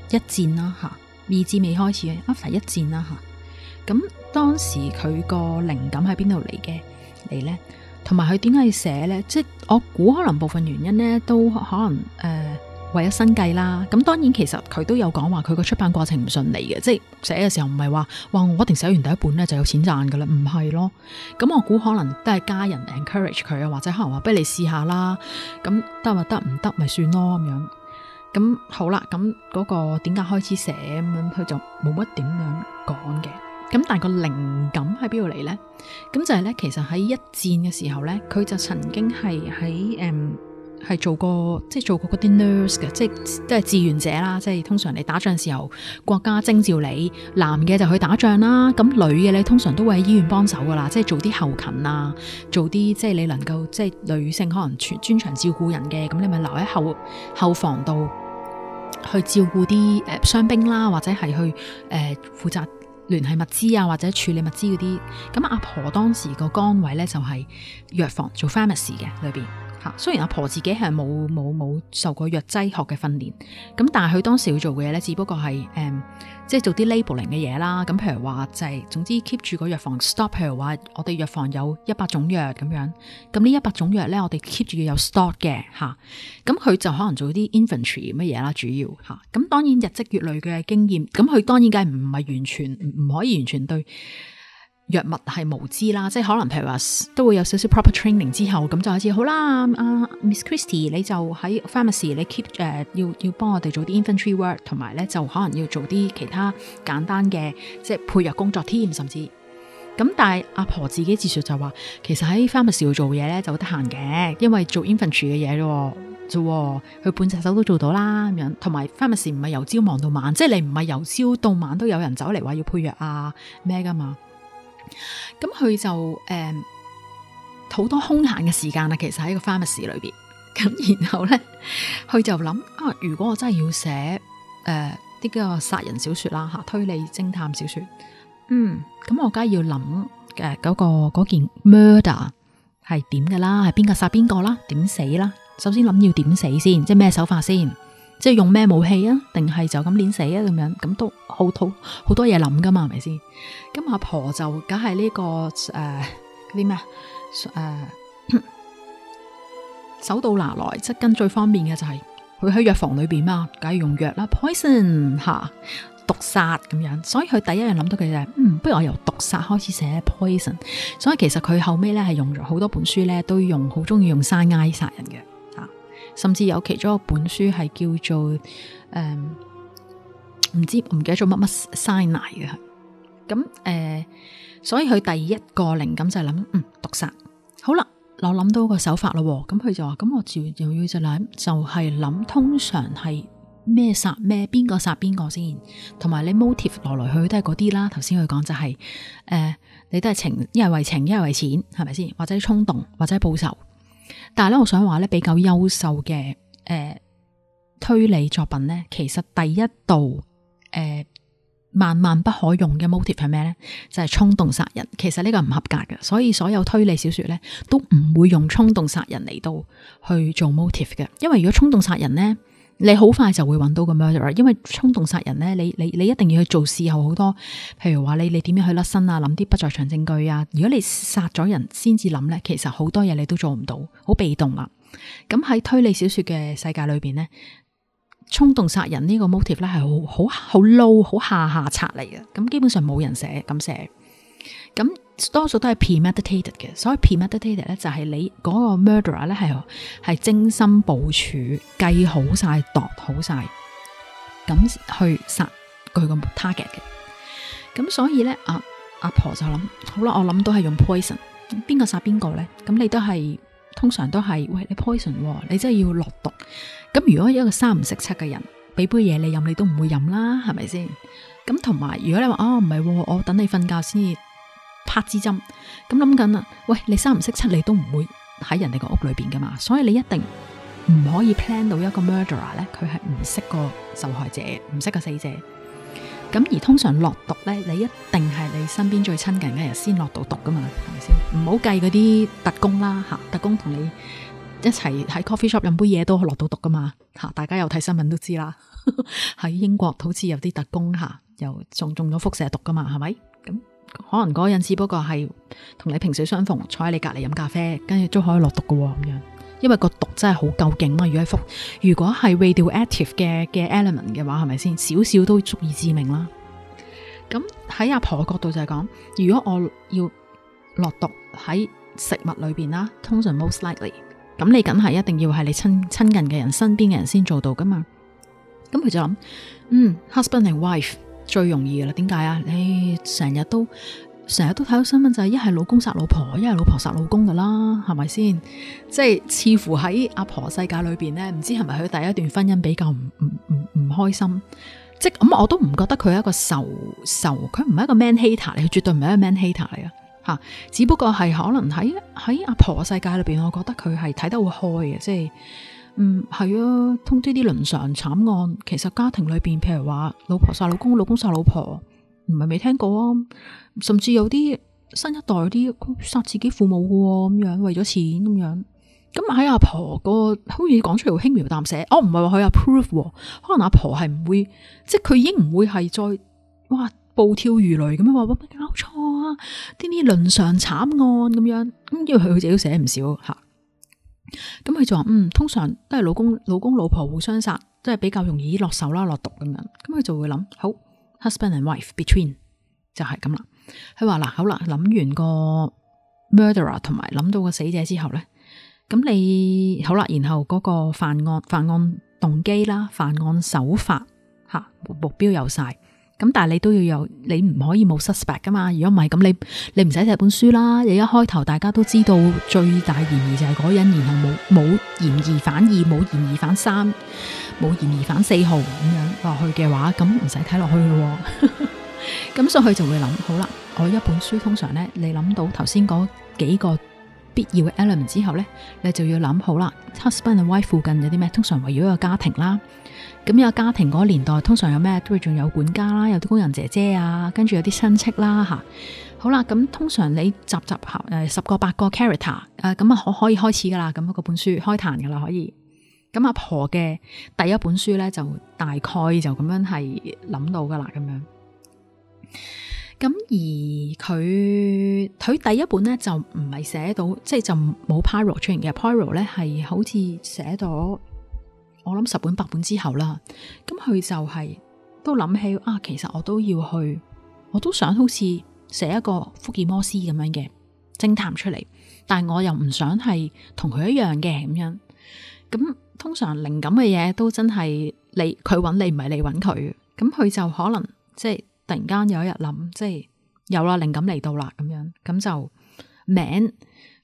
一戰啦吓，二戰未開始，After 一戰啦吓。咁、嗯、當時佢個靈感喺邊度嚟嘅嚟咧？同埋佢點解要寫咧？即係我估可能部分原因咧，都可能誒。呃為咗生計啦，咁當然其實佢都有講話佢個出版過程唔順利嘅，即係寫嘅時候唔係話哇我一定寫完第一本咧就有錢賺噶啦，唔係咯。咁我估可能都係家人 encourage 佢啊，或者可能話俾你試下啦。咁得咪得，唔得咪算咯咁樣。咁好啦，咁嗰個點解開始寫咁樣，佢就冇乜點樣講嘅。咁但係個靈感喺邊度嚟呢？咁就係咧，其實喺一戰嘅時候咧，佢就曾經係喺誒。嗯係做過即係做過嗰啲 nurse 嘅，即係都係志願者啦。即係通常你打仗的時候，國家徵召你男嘅就去打仗啦，咁女嘅咧通常都會喺醫院幫手噶啦，即係做啲後勤啊，做啲即係你能夠即係女性可能專專長照顧人嘅，咁你咪留喺後後防度去照顧啲誒傷兵啦，或者係去誒負、呃、責聯繫物資啊，或者處理物資嗰啲。咁阿婆當時個崗位咧就係、是、藥房做 pharmacy 嘅裏邊。雖然阿婆、婆自己係冇冇冇受過藥劑學嘅訓練，咁但係佢當時要做嘅嘢咧，只不過係誒、嗯，即係做啲 labeling 嘅嘢啦。咁譬如話就係、是，總之 keep 住個藥房 stock。譬如話我哋藥房有一百種藥咁樣，咁呢一百種藥咧，我哋 keep 住要有 stock 嘅吓。咁、啊、佢就可能做啲 infantry 乜嘢啦，主要吓。咁、啊、當然日積月累嘅經驗，咁佢當然梗係唔係完全唔可以完全對。藥物係無知啦，即係可能，譬如話都會有少少 proper training 之後，咁就好似好啦，阿、uh, Miss Christie，你就喺 pharmacy，你 keep 誒、uh,，要要幫我哋做啲 infantry work，同埋咧就可能要做啲其他簡單嘅即係配藥工作添，甚至咁。但係阿婆自己自述就話，其實喺 pharmacy 去做嘢咧，就好得閒嘅，因為做 infantry 嘅嘢咯，啫，佢半隻手都做到啦咁樣。同埋 pharmacy 唔係由朝忙到晚，即係你唔係由朝到晚都有人走嚟話要配藥啊咩噶嘛。咁佢就誒好，呃，多空閒嘅時間啦，其實喺一個花蜜市裏邊。咁然後咧，佢就諗啊，如果我真係要寫誒啲個殺人小說啦吓，推理偵探小說，嗯，咁我梗係要諗誒嗰個嗰件 murder 係點㗎啦，係邊個殺邊個啦，點死啦？首先諗要點死先，即係咩手法先？即係用咩武器啊？定係就咁碾死啊？咁樣咁都好多好多嘢諗噶嘛？係咪先？咁阿婆，婆就梗係呢個誒嗰啲咩啊？誒、呃呃、手到拿來，最跟最方便嘅就係佢喺藥房裏邊嘛，梗係用藥啦。Poison 吓、啊、毒殺咁樣，所以佢第一樣諗到嘅就係、是，嗯，不如我由毒殺開始寫 poison。所以其實佢後尾咧係用咗好多本書咧都要用好中意用山埃殺人嘅。甚至有其中一本書係叫做誒唔、嗯、知唔記得咗乜乜 Sinai 嘅，咁誒、呃，所以佢第一個靈感就係諗嗯，毒殺，好啦，我諗到個手法啦喎，咁佢就話咁我就要就諗就係諗通常係咩殺咩，邊個殺邊個先，同埋你 motive 來來去去都係嗰啲啦。頭先佢講就係、是、誒、呃、你都係情，一係為情，一係為錢，係咪先？或者是衝動，或者是報仇。但係咧，我想話咧，比較優秀嘅誒、呃、推理作品咧，其實第一度誒萬萬不可用嘅 motive 係咩咧？就係、是、衝動殺人。其實呢個唔合格嘅，所以所有推理小說咧都唔會用衝動殺人嚟到去做 motive 嘅。因為如果衝動殺人咧，你好快就會揾到個 murderer，因為衝動殺人咧，你你你一定要去做事後好多，譬如話你你點樣去甩身啊，諗啲不在場證據啊。如果你殺咗人先至諗咧，其實好多嘢你都做唔到，好被動啦。咁喺推理小說嘅世界裏面咧，衝動殺人呢個 motive 咧係好好好 low 好下下策嚟嘅，咁基本上冇人寫咁寫咁。多數都係 premeditated 嘅，所以 premeditated 咧就係你嗰個 murderer 咧係係精心部署、計好晒、度好晒，咁去殺佢個 target 嘅。咁所以咧，阿、啊、阿婆就諗，好啦，我諗都係用 poison，邊個殺邊個咧？咁你都係通常都係餵你 poison，你真係要落毒。咁如果一個三唔識七嘅人，俾杯嘢你飲，你都唔會飲啦，係咪先？咁同埋，如果你話哦唔係、喎，我等你瞓覺先。拍支針咁諗緊啊。喂，你三唔識七，你都唔會喺人哋個屋裏邊噶嘛，所以你一定唔可以 plan 到一個 murderer 咧，佢係唔識個受害者，唔識個死者。咁而通常落毒咧，你一定係你身邊最親近嘅人先落到毒噶嘛，係咪先？唔好計嗰啲特工啦，吓，特工同你一齊喺 coffee shop 飲杯嘢都落到毒噶嘛，吓，大家有睇新聞都知啦。喺 英國好似有啲特工吓，又中中咗輻射毒噶嘛，係咪？可能嗰個人只不過係同你萍水相逢，坐喺你隔籬飲咖啡，跟住都可以落毒噶喎咁樣，因為個毒真係好夠勁嘛。如果係輻，如果係 radioactive 嘅嘅 element 嘅話，係咪先？少少都足以致命啦。咁喺阿婆嘅角度就係講，如果我要落毒喺食物裏邊啦，通常 most likely，咁你梗係一定要係你親親近嘅人、身邊嘅人先做到噶嘛。咁佢就諗，嗯，husband and wife。最容易噶啦，點解啊？你、哎、成日都成日都睇到新聞就係一係老公殺老婆，一係老婆殺老公噶啦，係咪先？即係似乎喺阿婆世界裏邊咧，唔知係咪佢第一段婚姻比較唔唔唔唔開心，即係咁我都唔覺得佢係一個仇仇，佢唔係一個 man hater 嚟，佢絕對唔係一個 man hater 嚟嘅。吓、啊，只不過係可能喺喺阿婆世界裏邊，我覺得佢係睇得好開嘅，即係。嗯，係啊，通呢啲倫常慘案，其實家庭裏邊，譬如話老婆殺老公，老公殺老婆，唔係未聽過啊。甚至有啲新一代啲殺自己父母嘅咁樣，為咗錢咁樣。咁喺阿婆個，好似講出嚟，會輕描淡寫，我唔係話佢 approve，可能阿婆係唔會，即係佢已經唔會係再哇暴跳如雷咁樣話，乜搞錯啊？啲啲倫常慘案咁樣，咁因為佢自己都寫唔少吓。咁佢就話，嗯，通常都係老公、老公、老婆互相殺，即係比較容易落手啦、落毒咁樣。咁佢就會諗，好 husband and wife between 就係咁啦。佢話嗱，好啦，諗完個 murderer 同埋諗到個死者之後咧，咁你好啦，然後嗰個犯案犯案動機啦、犯案手法，吓，目標有晒。咁但係你都要有，你唔可以冇 suspect 噶嘛。如果唔係，咁你你唔使睇本書啦。而一開頭大家都知道最大嫌疑就係嗰人，然後冇冇嫌疑犯二，冇嫌疑犯三，冇嫌疑犯四號咁樣落去嘅話，咁唔使睇落去咯，哦。咁 所以佢就會諗，好啦，我一本書通常呢，你諗到頭先嗰幾個必要嘅 element 之後呢，你就要諗好啦。husband and wife 附近有啲咩？通常圍繞一個家庭啦。咁有家庭嗰年代，通常有咩都仲有管家啦，有啲工人姐姐啊，跟住有啲親戚啦，吓好啦。咁通常你集集合誒十個八個 character，誒咁啊可可以開始噶啦，咁嗰本書開壇噶啦，可以。咁阿婆嘅第一本書咧就大概就咁樣係諗到噶啦，咁樣。咁而佢佢第一本咧就唔係寫到，即係就冇 Poirot 出現嘅 Poirot 咧係好似寫到。我諗十本八本之後啦，咁佢就係都諗起啊，其實我都要去，我都想好似寫一個福爾摩斯咁樣嘅偵探出嚟，但係我又唔想係同佢一樣嘅咁樣。咁通常靈感嘅嘢都真係你佢揾你唔係你揾佢，咁佢就可能即係突然間有一日諗，即係有啦靈感嚟到啦咁樣，咁就名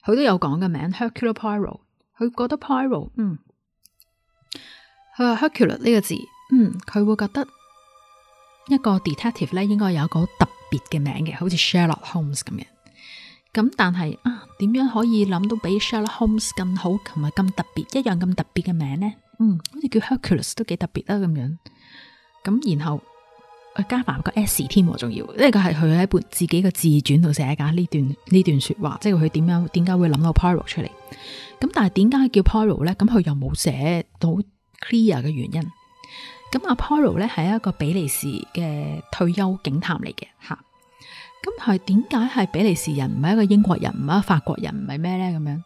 佢都有講嘅名 Hercule Poirot 佢覺得 Poirot 嗯。話佢 Hercules 呢個字，嗯，佢會覺得一個 detective 咧應該有一個特別嘅名嘅，好似 Sherlock Holmes 咁樣。咁但係啊，點樣可以諗到比 Sherlock Holmes 咁好同埋咁特別一樣咁特別嘅名字呢？嗯，好似叫 Hercules 都幾特別啦咁樣。咁然後加埋個 S 添喎。仲要，呢個係佢喺本自己嘅自傳度寫噶呢段呢段説話，即係佢點樣點解會諗到 Poirot 出嚟？咁但係點解叫 Poirot 咧？咁佢又冇寫到。Clear 嘅原因，咁阿 Poirot 咧係一個比利時嘅退休警探嚟嘅吓，咁係點解係比利時人唔係一個英國人，唔係一個法國人，唔係咩咧咁樣？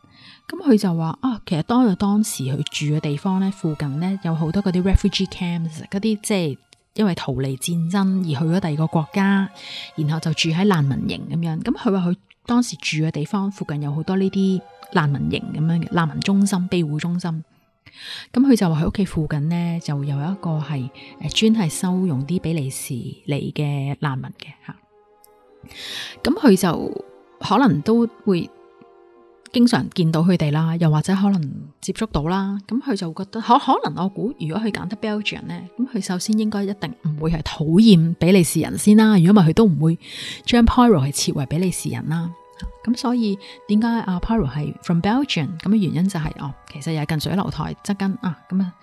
咁佢就話啊，其實當佢當時佢住嘅地方咧，附近咧有好多嗰啲 refugee camps，嗰啲即係因為逃離戰爭而去咗第二個國家，然後就住喺難民營咁樣。咁佢話佢當時住嘅地方附近有好多呢啲難民營咁樣嘅難民中心、庇護中心。咁佢就話喺屋企附近呢，就有一個係誒專係收容啲比利時嚟嘅難民嘅吓。咁佢就可能都會經常見到佢哋啦，又或者可能接觸到啦。咁佢就覺得可可能我估，如果佢揀得 Belgian 呢，咁佢首先應該一定唔會係討厭比利時人先啦。如果唔係，佢都唔會將 Poirot 係設為比利時人啦。咁所以點解阿 Poirot 係 From Belgium 咁嘅原因就係、是、哦，其實又係近水樓台則根啊咁啊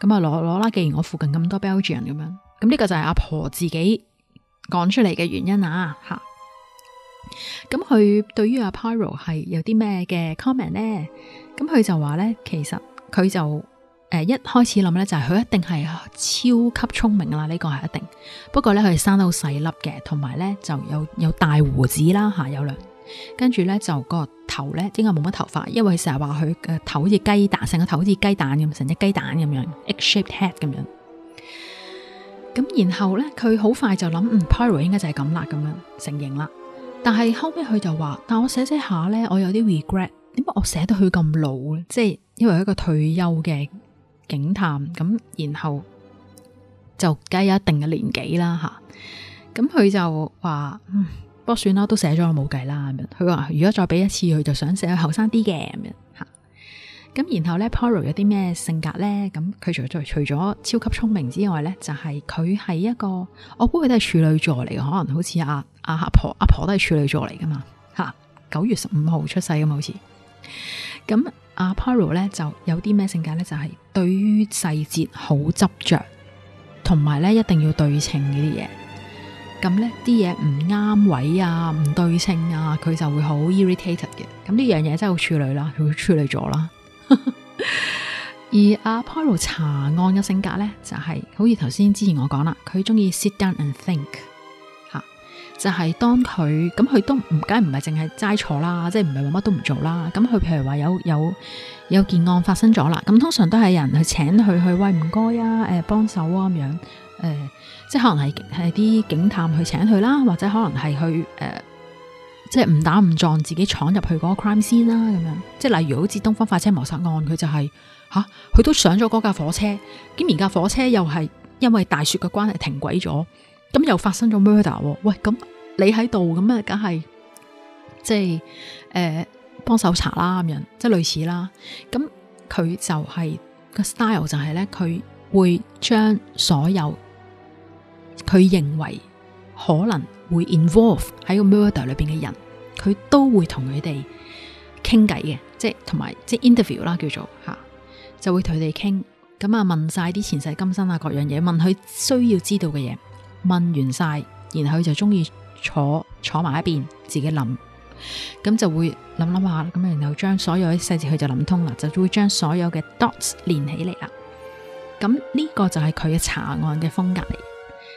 咁啊攞攞啦，既然我附近咁多 Belgian 咁樣，咁呢個就係阿婆，婆自己講出嚟嘅原因啊吓。咁佢對於阿 Poirot 係有啲咩嘅 comment 呢？咁佢就話咧，其實佢就誒、呃、一開始諗咧就係佢一定係、啊、超級聰明㗎啦，呢、這個係一定。不過咧佢生得好細粒嘅，同埋咧就有有大鬍子啦吓、啊，有兩。跟住咧就個頭咧，應該冇乜頭髮，因為成日話佢嘅頭好似雞蛋，成個頭好似雞蛋咁，成隻雞蛋咁樣 egg-shaped head 咁樣。咁然後咧，佢好快就諗，嗯，Poirot 應該就係咁啦，咁樣承認啦。但係後尾佢就話，但我寫寫下咧，我有啲 regret，點解我寫到佢咁老咧？即係因為一個退休嘅警探，咁然後就計一定嘅年紀啦吓。咁佢就話。嗯不過算啦，都寫咗我冇計啦咁樣。佢話如果再俾一次，佢就想寫後生啲嘅咁樣吓。咁、啊、然後咧 Poirot 有啲咩性格咧？咁佢除咗除咗超級聰明之外咧，就係佢係一個，我估佢都係處女座嚟嘅，可能好似阿阿阿婆阿、啊、婆都係處女座嚟噶嘛吓。九月十五號出世噶嘛，啊、好似咁阿 Poirot 咧就有啲咩性格咧？就係、是、對於細節好執着，同埋咧一定要對稱嗰啲嘢。咁呢啲嘢唔啱位啊，唔對稱啊，佢就會好 irritated 嘅。咁呢樣嘢真係好處理啦，佢會處理咗啦。 而阿、啊、Poirot 查案嘅性格呢，就係、是、好似頭先之前我講啦，佢中意 sit down and think、啊、就係、是、當佢咁佢都唔緊唔係淨係齋坐啦，即係唔係話乜都唔做啦。咁佢譬如話有有有件案發生咗啦，咁通常都係有人去請佢去喂唔該啊，呃、幫手啊咁樣。誒、呃，即係可能係係啲警探去請佢啦，或者可能係去誒、呃，即係誤打誤撞自己闖入去嗰個 crime scene 先啦，咁樣。即係例如好似東方快車謀殺案，佢就係、是、吓，佢、啊、都上咗嗰架火車，咁而架火車又係因為大雪嘅關係停鬼咗，咁又發生咗 murder。喂，咁你喺度咁啊，梗係、就是、即係誒，幫、呃、手查啦咁樣，即係類似啦。咁佢就係個 style 就係咧，佢會將所有。佢認為可能會 involve 喺個 murder 裏邊嘅人，佢都會同佢哋傾偈嘅，即係同埋即係 interview 啦，叫做嚇、啊，就會同佢哋傾咁啊，問晒啲前世今生啊，各樣嘢，問佢需要知道嘅嘢，問完晒，然後佢就中意坐坐埋一邊，自己諗，咁就會諗諗下，咁然後將所有啲細節佢就諗通啦，就都會將所有嘅 dots 連起嚟啦。咁呢個就係佢嘅查案嘅風格嚟。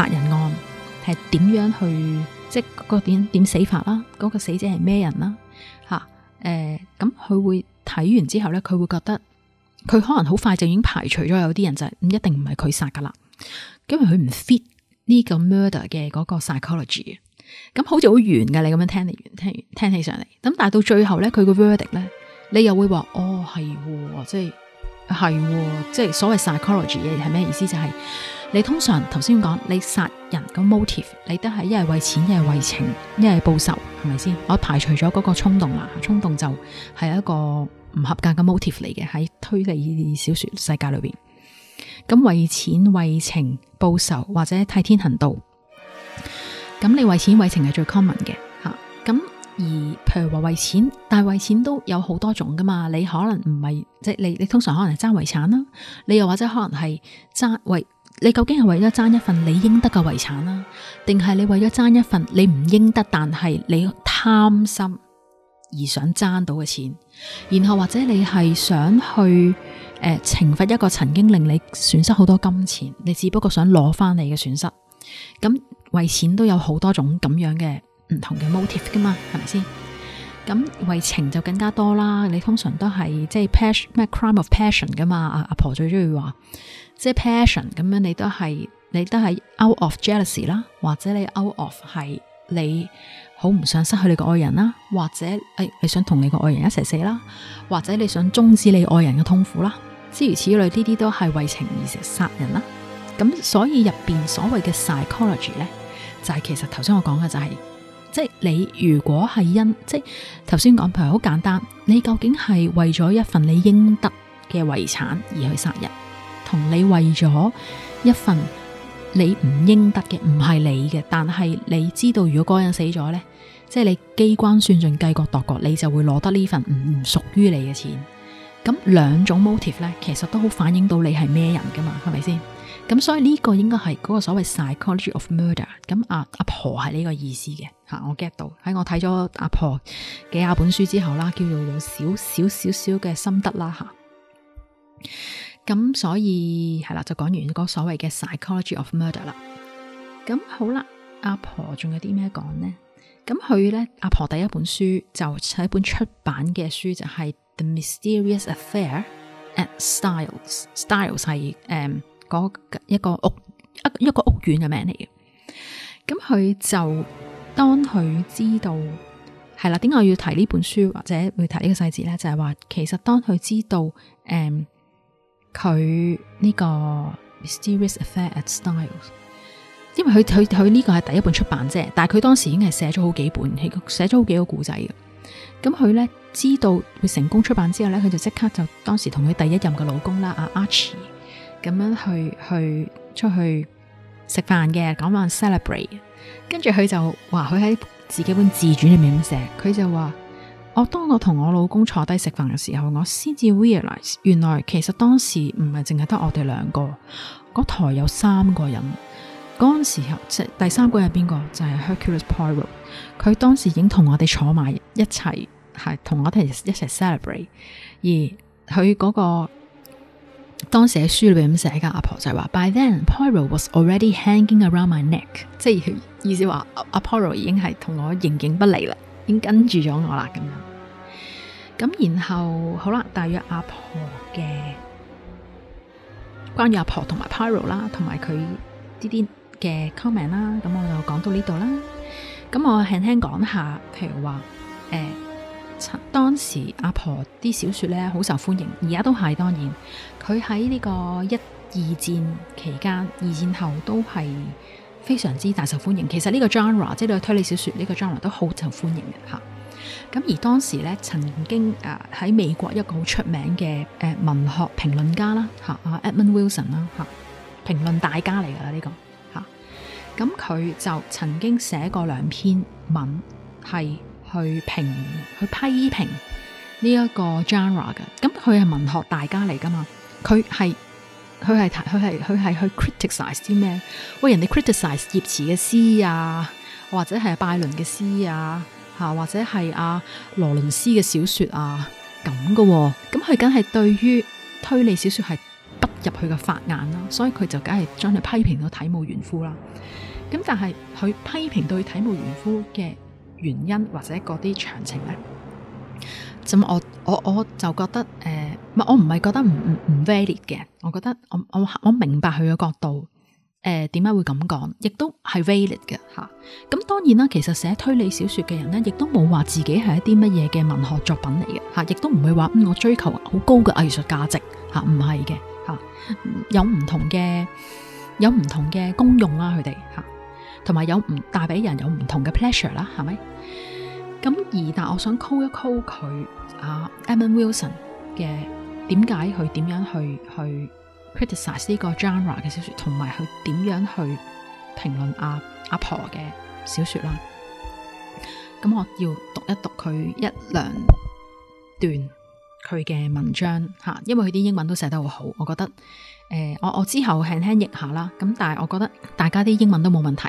殺人案係點樣去，即係嗰個點點死法啦，嗰、那個死者係咩人啦？吓、啊，誒、呃，咁佢會睇完之後咧，佢會覺得佢可能好快就已經排除咗有啲人就係、是、唔、嗯、一定唔係佢殺噶啦，因為佢唔 fit 呢個 murder 嘅嗰個 psychology，咁好似好圓嘅你咁樣聽嚟，聽完聽起上嚟，咁但係到最後咧，佢個 verdict 咧，你又會話哦係喎，即係係即係所謂 psychology 嘅係咩意思就係、是？你通常頭先講，你殺人嘅 motive，你都係一係為錢，一係為情，一係報仇，係咪先？我排除咗嗰個衝動啦，衝動就係一個唔合格嘅 motive 嚟嘅。喺推理小說世界裏邊，咁為錢、為情、報仇或者替天行道，咁你為錢、為情係最 common 嘅吓。咁、啊、而譬如話為錢，但係為錢都有好多種噶嘛。你可能唔係即係你，你通常可能係爭遺產啦，你又或者可能係爭為。你究竟係為咗爭一份你應得嘅遺產啦，定係你為咗爭一份你唔應得但係你貪心而想爭到嘅錢？然後或者你係想去誒懲罰一個曾經令你損失好多金錢，你只不過想攞翻你嘅損失。咁為錢都有好多種咁樣嘅唔同嘅 motive 噶嘛，係咪先？咁為情就更加多啦，你通常都係即係 passion，咩 crime of passion 噶嘛？阿、啊、阿、啊、婆最中意話，即係 passion 咁樣，你都係你都係 out of jealousy 啦，或者你 out of 係你好唔想失去你個愛人啦，或者誒、哎、你想同你個愛人一齊死啦，或者你想終止你愛人嘅痛苦啦，諸如此類，呢啲都係為情而食殺人啦。咁所以入邊所謂嘅 psychology 咧，就係、是、其實頭先我講嘅就係、是。即你如果係因即係頭先講，譬如好簡單，你究竟係為咗一份你應得嘅遺產而去殺人，同你為咗一份你唔應得嘅，唔係你嘅，但係你知道如果嗰人死咗呢，即係你機關算盡計國度國，你就會攞得呢份唔屬於你嘅錢。咁兩種 motive 呢，其實都好反映到你係咩人㗎嘛，係咪先？咁所以呢個應該係嗰個所謂 psychology of murder，咁阿阿婆係呢個意思嘅吓，我 get 到。喺我睇咗阿婆嘅一本書之後啦，叫做有少少少少嘅心得啦吓。咁所以係啦，就講完嗰所謂嘅 psychology of murder 啦。咁好啦，阿婆仲有啲咩講呢？咁佢呢，阿婆第一本書就係一本出版嘅書，就是，就係 The Mysterious Affair at Styles，Styles 係嗯嗰一個屋一一個屋苑嘅名嚟嘅，咁佢就當佢知道係啦，點解我要提呢本書或者會提呢個細節呢？就係話其實當佢知道誒佢呢個 Mysterious Affair at Styles，因為佢佢佢呢個係第一本出版啫，但係佢當時已經係寫咗好幾本，寫咗好幾個故仔嘅。咁佢呢知道佢成功出版之後呢，佢就即刻就當時同佢第一任嘅老公啦阿阿 Archie 咁樣去去出去食飯嘅，講翻 celebrate，跟住佢就話佢喺自己本自傳入面咁寫，佢就話我當我同我老公坐低食飯嘅時候，我先至 realize 原來其實當時唔係淨係得我哋兩個，嗰台有三個人，嗰陣時候即第三個人係邊個就係、係、Hercule Poirot，佢當時已經同我哋坐埋一齊，係同我哋一齊 celebrate，而佢嗰、嗰個。當時喺書裏面咁寫，阿阿婆就係話，by then, Poirot was already hanging around my neck，即係意思話阿 Poirot 已經係同我形影不離啦，已經跟住咗我啦咁樣。咁然後好啦，大約阿婆嘅關於阿婆同埋 Poirot 啦，同埋佢啲啲嘅 comment 啦，咁我就講到呢度啦。咁我輕輕講下，譬如話誒。欸當時阿婆啲小說咧，好受歡迎，而家都係。當然，佢喺呢個一二戰期間、二戰後都係非常之大受歡迎。其實呢個 genre，即係推理小說呢個 genre 都好受歡迎嘅吓。咁、啊、而當時咧，曾經誒喺、啊、美國一個好出名嘅誒文學評論家啦吓，阿、啊、Edmund Wilson 啦、啊、吓，評論大家嚟噶啦呢個吓。咁、啊、佢就曾經寫過兩篇文係。去評去批評呢一個 genre 嘅，咁佢係文學大家嚟噶嘛？佢係佢係佢係佢係去 criticise 啲咩？喂，人哋 criticise 葉慈嘅詩啊，或者係拜倫嘅詩啊，吓、啊、或者係啊羅倫斯嘅小說啊咁噶？咁佢梗係對於推理小說係不入佢嘅法眼啦，所以佢就梗係將佢批評到體無完膚啦。咁但係佢批評到體無完膚嘅原因或者嗰啲詳情咧，咁我我我就覺得誒，唔、呃、我唔係覺得唔唔唔 valid 嘅，我覺得我我我明白佢嘅角度，誒點解會咁講，亦都係 valid 嘅嚇。咁當然啦，其實寫推理小説嘅人咧，亦都冇話自己係一啲乜嘢嘅文學作品嚟嘅嚇，亦都唔會話、嗯、我追求好高嘅藝術價值嚇，唔係嘅嚇，有唔同嘅有唔同嘅功用啦、啊，佢哋嚇。同埋有唔帶俾人有唔同嘅 pleasure 啦，係咪？咁而但我想 call 一 call 佢啊 Edmund Wilson 嘅點解佢點樣去去 criticise 呢個 genre 嘅小說，同埋佢點樣去評論阿阿婆嘅小説啦？咁我要讀一讀佢一兩段佢嘅文章吓，因為佢啲英文都寫得好好，我覺得誒、呃，我我之後輕輕譯下啦。咁但係我覺得大家啲英文都冇問題。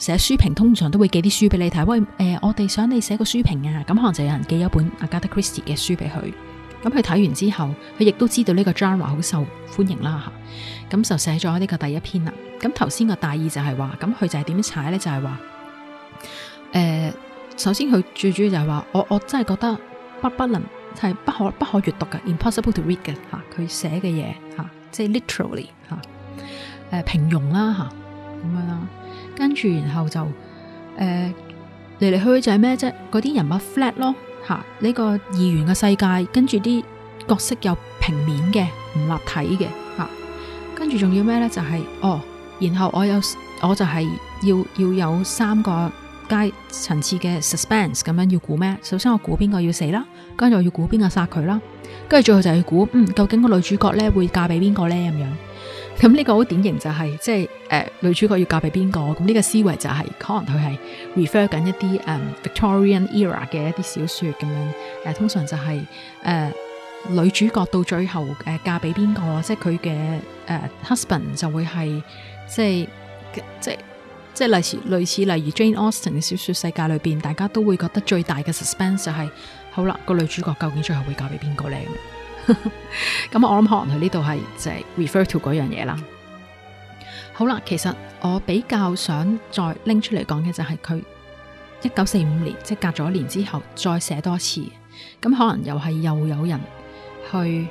寫書評通常都會寄啲書俾你睇，喂，誒、呃，我哋想你寫個書評啊，咁可能就有人寄咗本 Agatha Christie 嘅書俾佢，咁佢睇完之後，佢亦都知道呢個 drama 好受歡迎啦吓，咁、啊、就寫咗呢個第一篇啦。咁頭先個大意就係話，咁佢就係點踩咧？就係、是、話，誒、呃，首先佢最主要就係話，我我真係覺得不不能係、就是、不可不可閱讀嘅，impossible to read 嘅吓，佢、啊、寫嘅嘢吓，即、啊、係、就是、literally 吓、啊，誒平庸啦吓，咁、啊、樣啦。跟住然後就誒嚟嚟去去就係咩啫？嗰啲人物 flat 咯，吓、這、呢個二元嘅世界，跟住啲角色又平面嘅，唔立體嘅、啊、跟住仲要咩呢？就係、是、哦，然後我有我就係要要有三個階層次嘅 suspense，咁樣要估咩？首先我估邊個要死啦，跟住我要估邊個殺佢啦，跟住最後就係要估嗯，究竟個女主角呢會嫁俾邊個呢咁樣。咁呢個好典型就係、是、即係誒、呃、女主角要嫁俾邊個，咁、這、呢個思維就係、是、可能佢係 refer 緊一啲誒、嗯、Victorian era 嘅一啲小說咁樣誒、呃，通常就係、是、誒、呃、女主角到最後誒、呃、嫁俾邊個，即係佢嘅誒、呃、husband 就會係即係即係即係類似類似例如 Jane Austen 嘅小說世界裏邊，大家都會覺得最大嘅 suspense 就係、是、好啦，個女主角究竟最後會嫁俾邊個咧？咁 我諗可能佢呢度係就係 refer to 嗰樣嘢啦。好啦，其實我比較想再拎出嚟講嘅就係佢一九四五年，即、就、係、是、隔咗一年之後再寫多次，咁可能又係又有人去。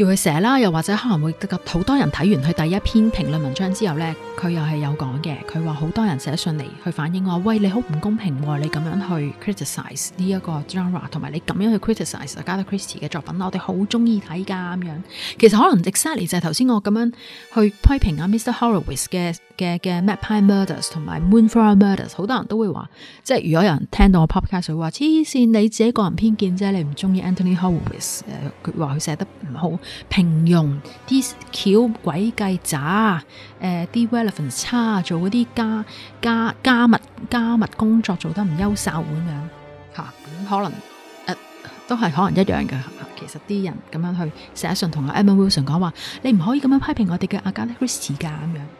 要佢寫啦，又或者可能會好多人睇完佢第一篇評論文章之後咧，佢又係有講嘅。佢話好多人寫信嚟去反映我，喂，你好唔公平喎！你咁樣去 criticise 呢一個 genre，同埋你咁樣去 criticise Agatha Christie 嘅作品，我哋好中意睇噶咁樣。其實可能 exactly 就係頭先我咁樣去批評啊 Mr. Horowitz 嘅。嘅嘅《Magpie Murders》同埋《Moonflower Murders》，好多人都會話，即係如果有人聽到我 podcast 會話黐線，你自己個人偏見啫，你唔中意 Anthony Horowitz 誒佢話佢寫得唔好平庸，啲橋詭計詐誒，啲、呃、relevant 差，做嗰啲加加加密加密工作做得唔優秀咁樣嚇咁、啊嗯、可能誒、呃、都係可能一樣嘅、啊、其實啲人咁樣去寫信同阿 Emma Wilson 講話，你唔可以咁樣批評我哋嘅 Agatha Christie 咁樣。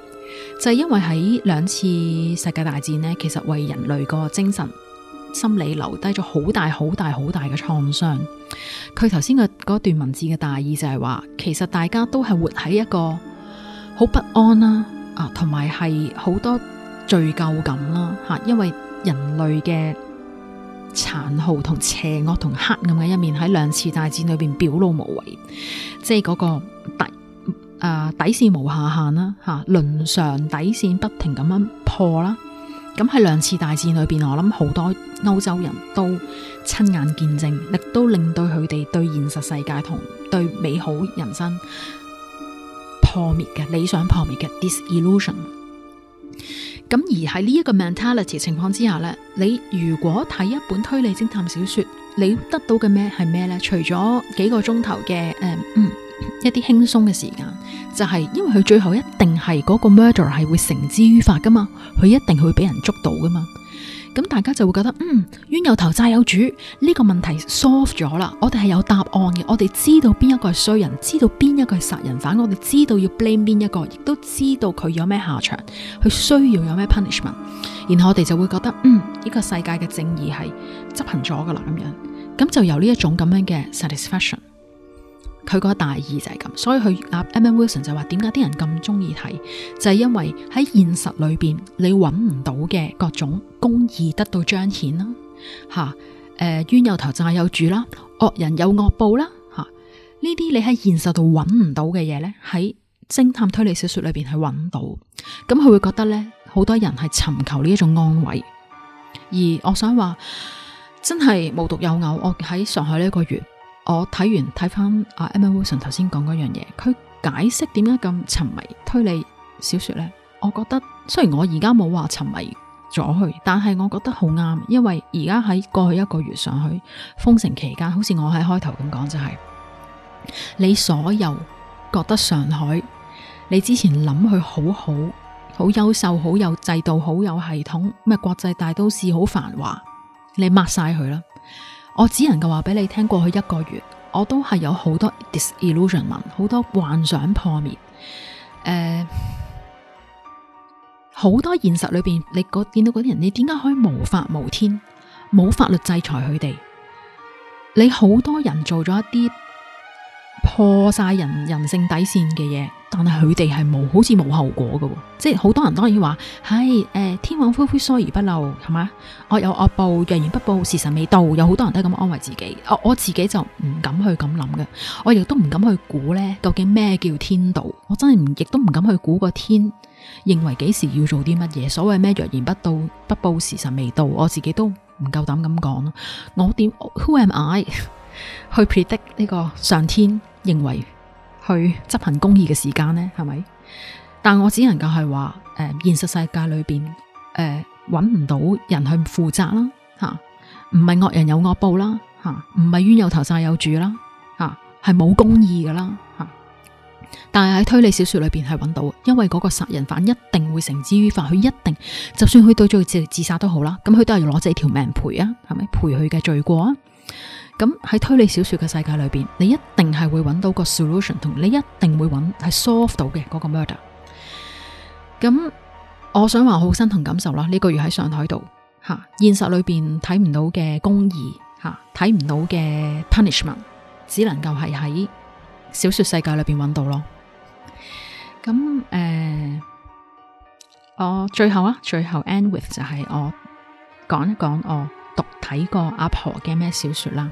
就係因為喺兩次世界大戰呢，其實為人類個精神心理留低咗好大，好大，好大，好大，好大嘅創傷。佢頭先嘅嗰段文字嘅大意就係話，其實大家都係活喺一個好不安啦、啊，啊，同埋係好多罪疚感啦，吓，因為人類嘅殘酷，同邪惡，同黑暗嘅一面喺兩次大戰裏邊表露無遺，即係嗰個。誒、呃，底線無下限啦，吓、啊，倫常底線不停咁樣破啦，咁喺兩次大戰裏邊，我諗好多歐洲人都親眼見證，亦都令到佢哋對現實世界同對美好人生破滅嘅理想破滅嘅 disillusion。咁而喺呢一個 mentality 情況之下呢，你如果睇一本推理偵探小說，你得到嘅咩係咩呢？除咗幾個鐘頭嘅誒嗯。一啲輕鬆嘅時間，就係因為佢最後一定係嗰個 murder 係會繩之於法噶嘛，佢一定會俾人捉到噶嘛。咁大家就會覺得，嗯，冤有頭債有主，呢個問題 soft 咗啦。我哋係有答案嘅，我哋知道邊一個係衰人，知道邊一個係殺人犯，我哋知道要 blame 邊一個，亦都知道佢有咩下場，佢需要有咩 punishment。然後我哋就會覺得，嗯，呢個世界嘅正義係執行咗噶啦，咁樣咁就有呢一種咁樣嘅 satisfaction。佢個大意就係咁，所以佢阿 M M Wilson 就話：點解啲人咁中意睇？就係因為喺現實裏邊你搵唔到嘅，各種公義得到彰顯啦，吓、啊，誒冤有頭債有主啦，惡人有惡報啦，吓呢啲你喺現實度搵唔到嘅嘢咧，喺偵探推理小說裏邊係搵到，咁佢會覺得咧，好多人係尋求呢一種安慰。而我想話，真係無獨有偶，我喺上海呢一個月。我睇完睇翻阿 Emma Wilson 頭先講嗰樣嘢，佢解釋點解咁沉迷推理小說呢？我覺得，雖然我而家冇話沉迷咗佢，但係我覺得好啱，因為而家喺過去一個月上海封城期間，好似我喺開頭咁講就係，你所有覺得上海，你之前諗佢好好、好優秀、好有制度、好有系統，咩國際大都市好繁華，你抹晒佢啦。我只能夠話俾你聽，過去一個月，我都係有好多 disillusionment，好多幻想破滅，誒，好多現實裏邊，你個見到嗰啲人，你點解可以無法無天，冇法律制裁佢哋？你好多人做咗一啲破晒人人性底線嘅嘢。但係佢哋係冇，好似冇後果噶，即係好多人當然話，唉、哎，誒、呃、天網恢恢疏而不漏，係嘛？惡有惡報，若然不報，時辰未到，有好多人都係咁安慰自己。我我自己就唔敢去咁諗嘅，我亦都唔敢去估呢，究竟咩叫天道？我真係唔，亦都唔敢去估個天認為幾時要做啲乜嘢。所謂咩若然不報，不報時辰未到，我自己都唔夠膽咁講咯。我點 Who am I 去 predict 呢個上天認為？去執行公義嘅時間呢，係咪？但我只能夠係話，誒、呃，現實世界裏邊誒，搵、呃、唔到人去負責啦，吓、啊，唔係惡人有惡報啦，吓、啊，唔係冤有頭債有主啦，吓、啊，係冇公義㗎啦，吓、啊。但係喺推理小說裏邊係搵到，因為嗰個殺人犯一定會繩之於法，佢一定，就算佢到最後自殺都好啦，咁佢都係要攞自己條命賠啊，係咪？賠佢嘅罪過啊！咁喺推理小說嘅世界裏邊，你一定係會搵到個 solution，同你一定會搵係 solve 到嘅嗰，那個 murder。咁我想話好身同感受啦，呢，這個月喺上海度吓、啊，現實裏邊睇唔到嘅公義吓，睇、啊、唔到嘅 punishment，只能夠係喺小說世界裏邊搵到咯。咁誒、呃，我最後啊，最後 end with 就係我講一講我讀睇過阿婆嘅咩小說啦。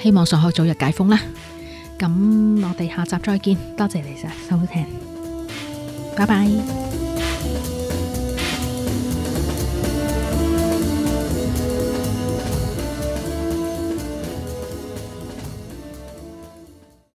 希望上海早日解封啦！咁我哋下集再見，多謝你晒收聽，拜拜。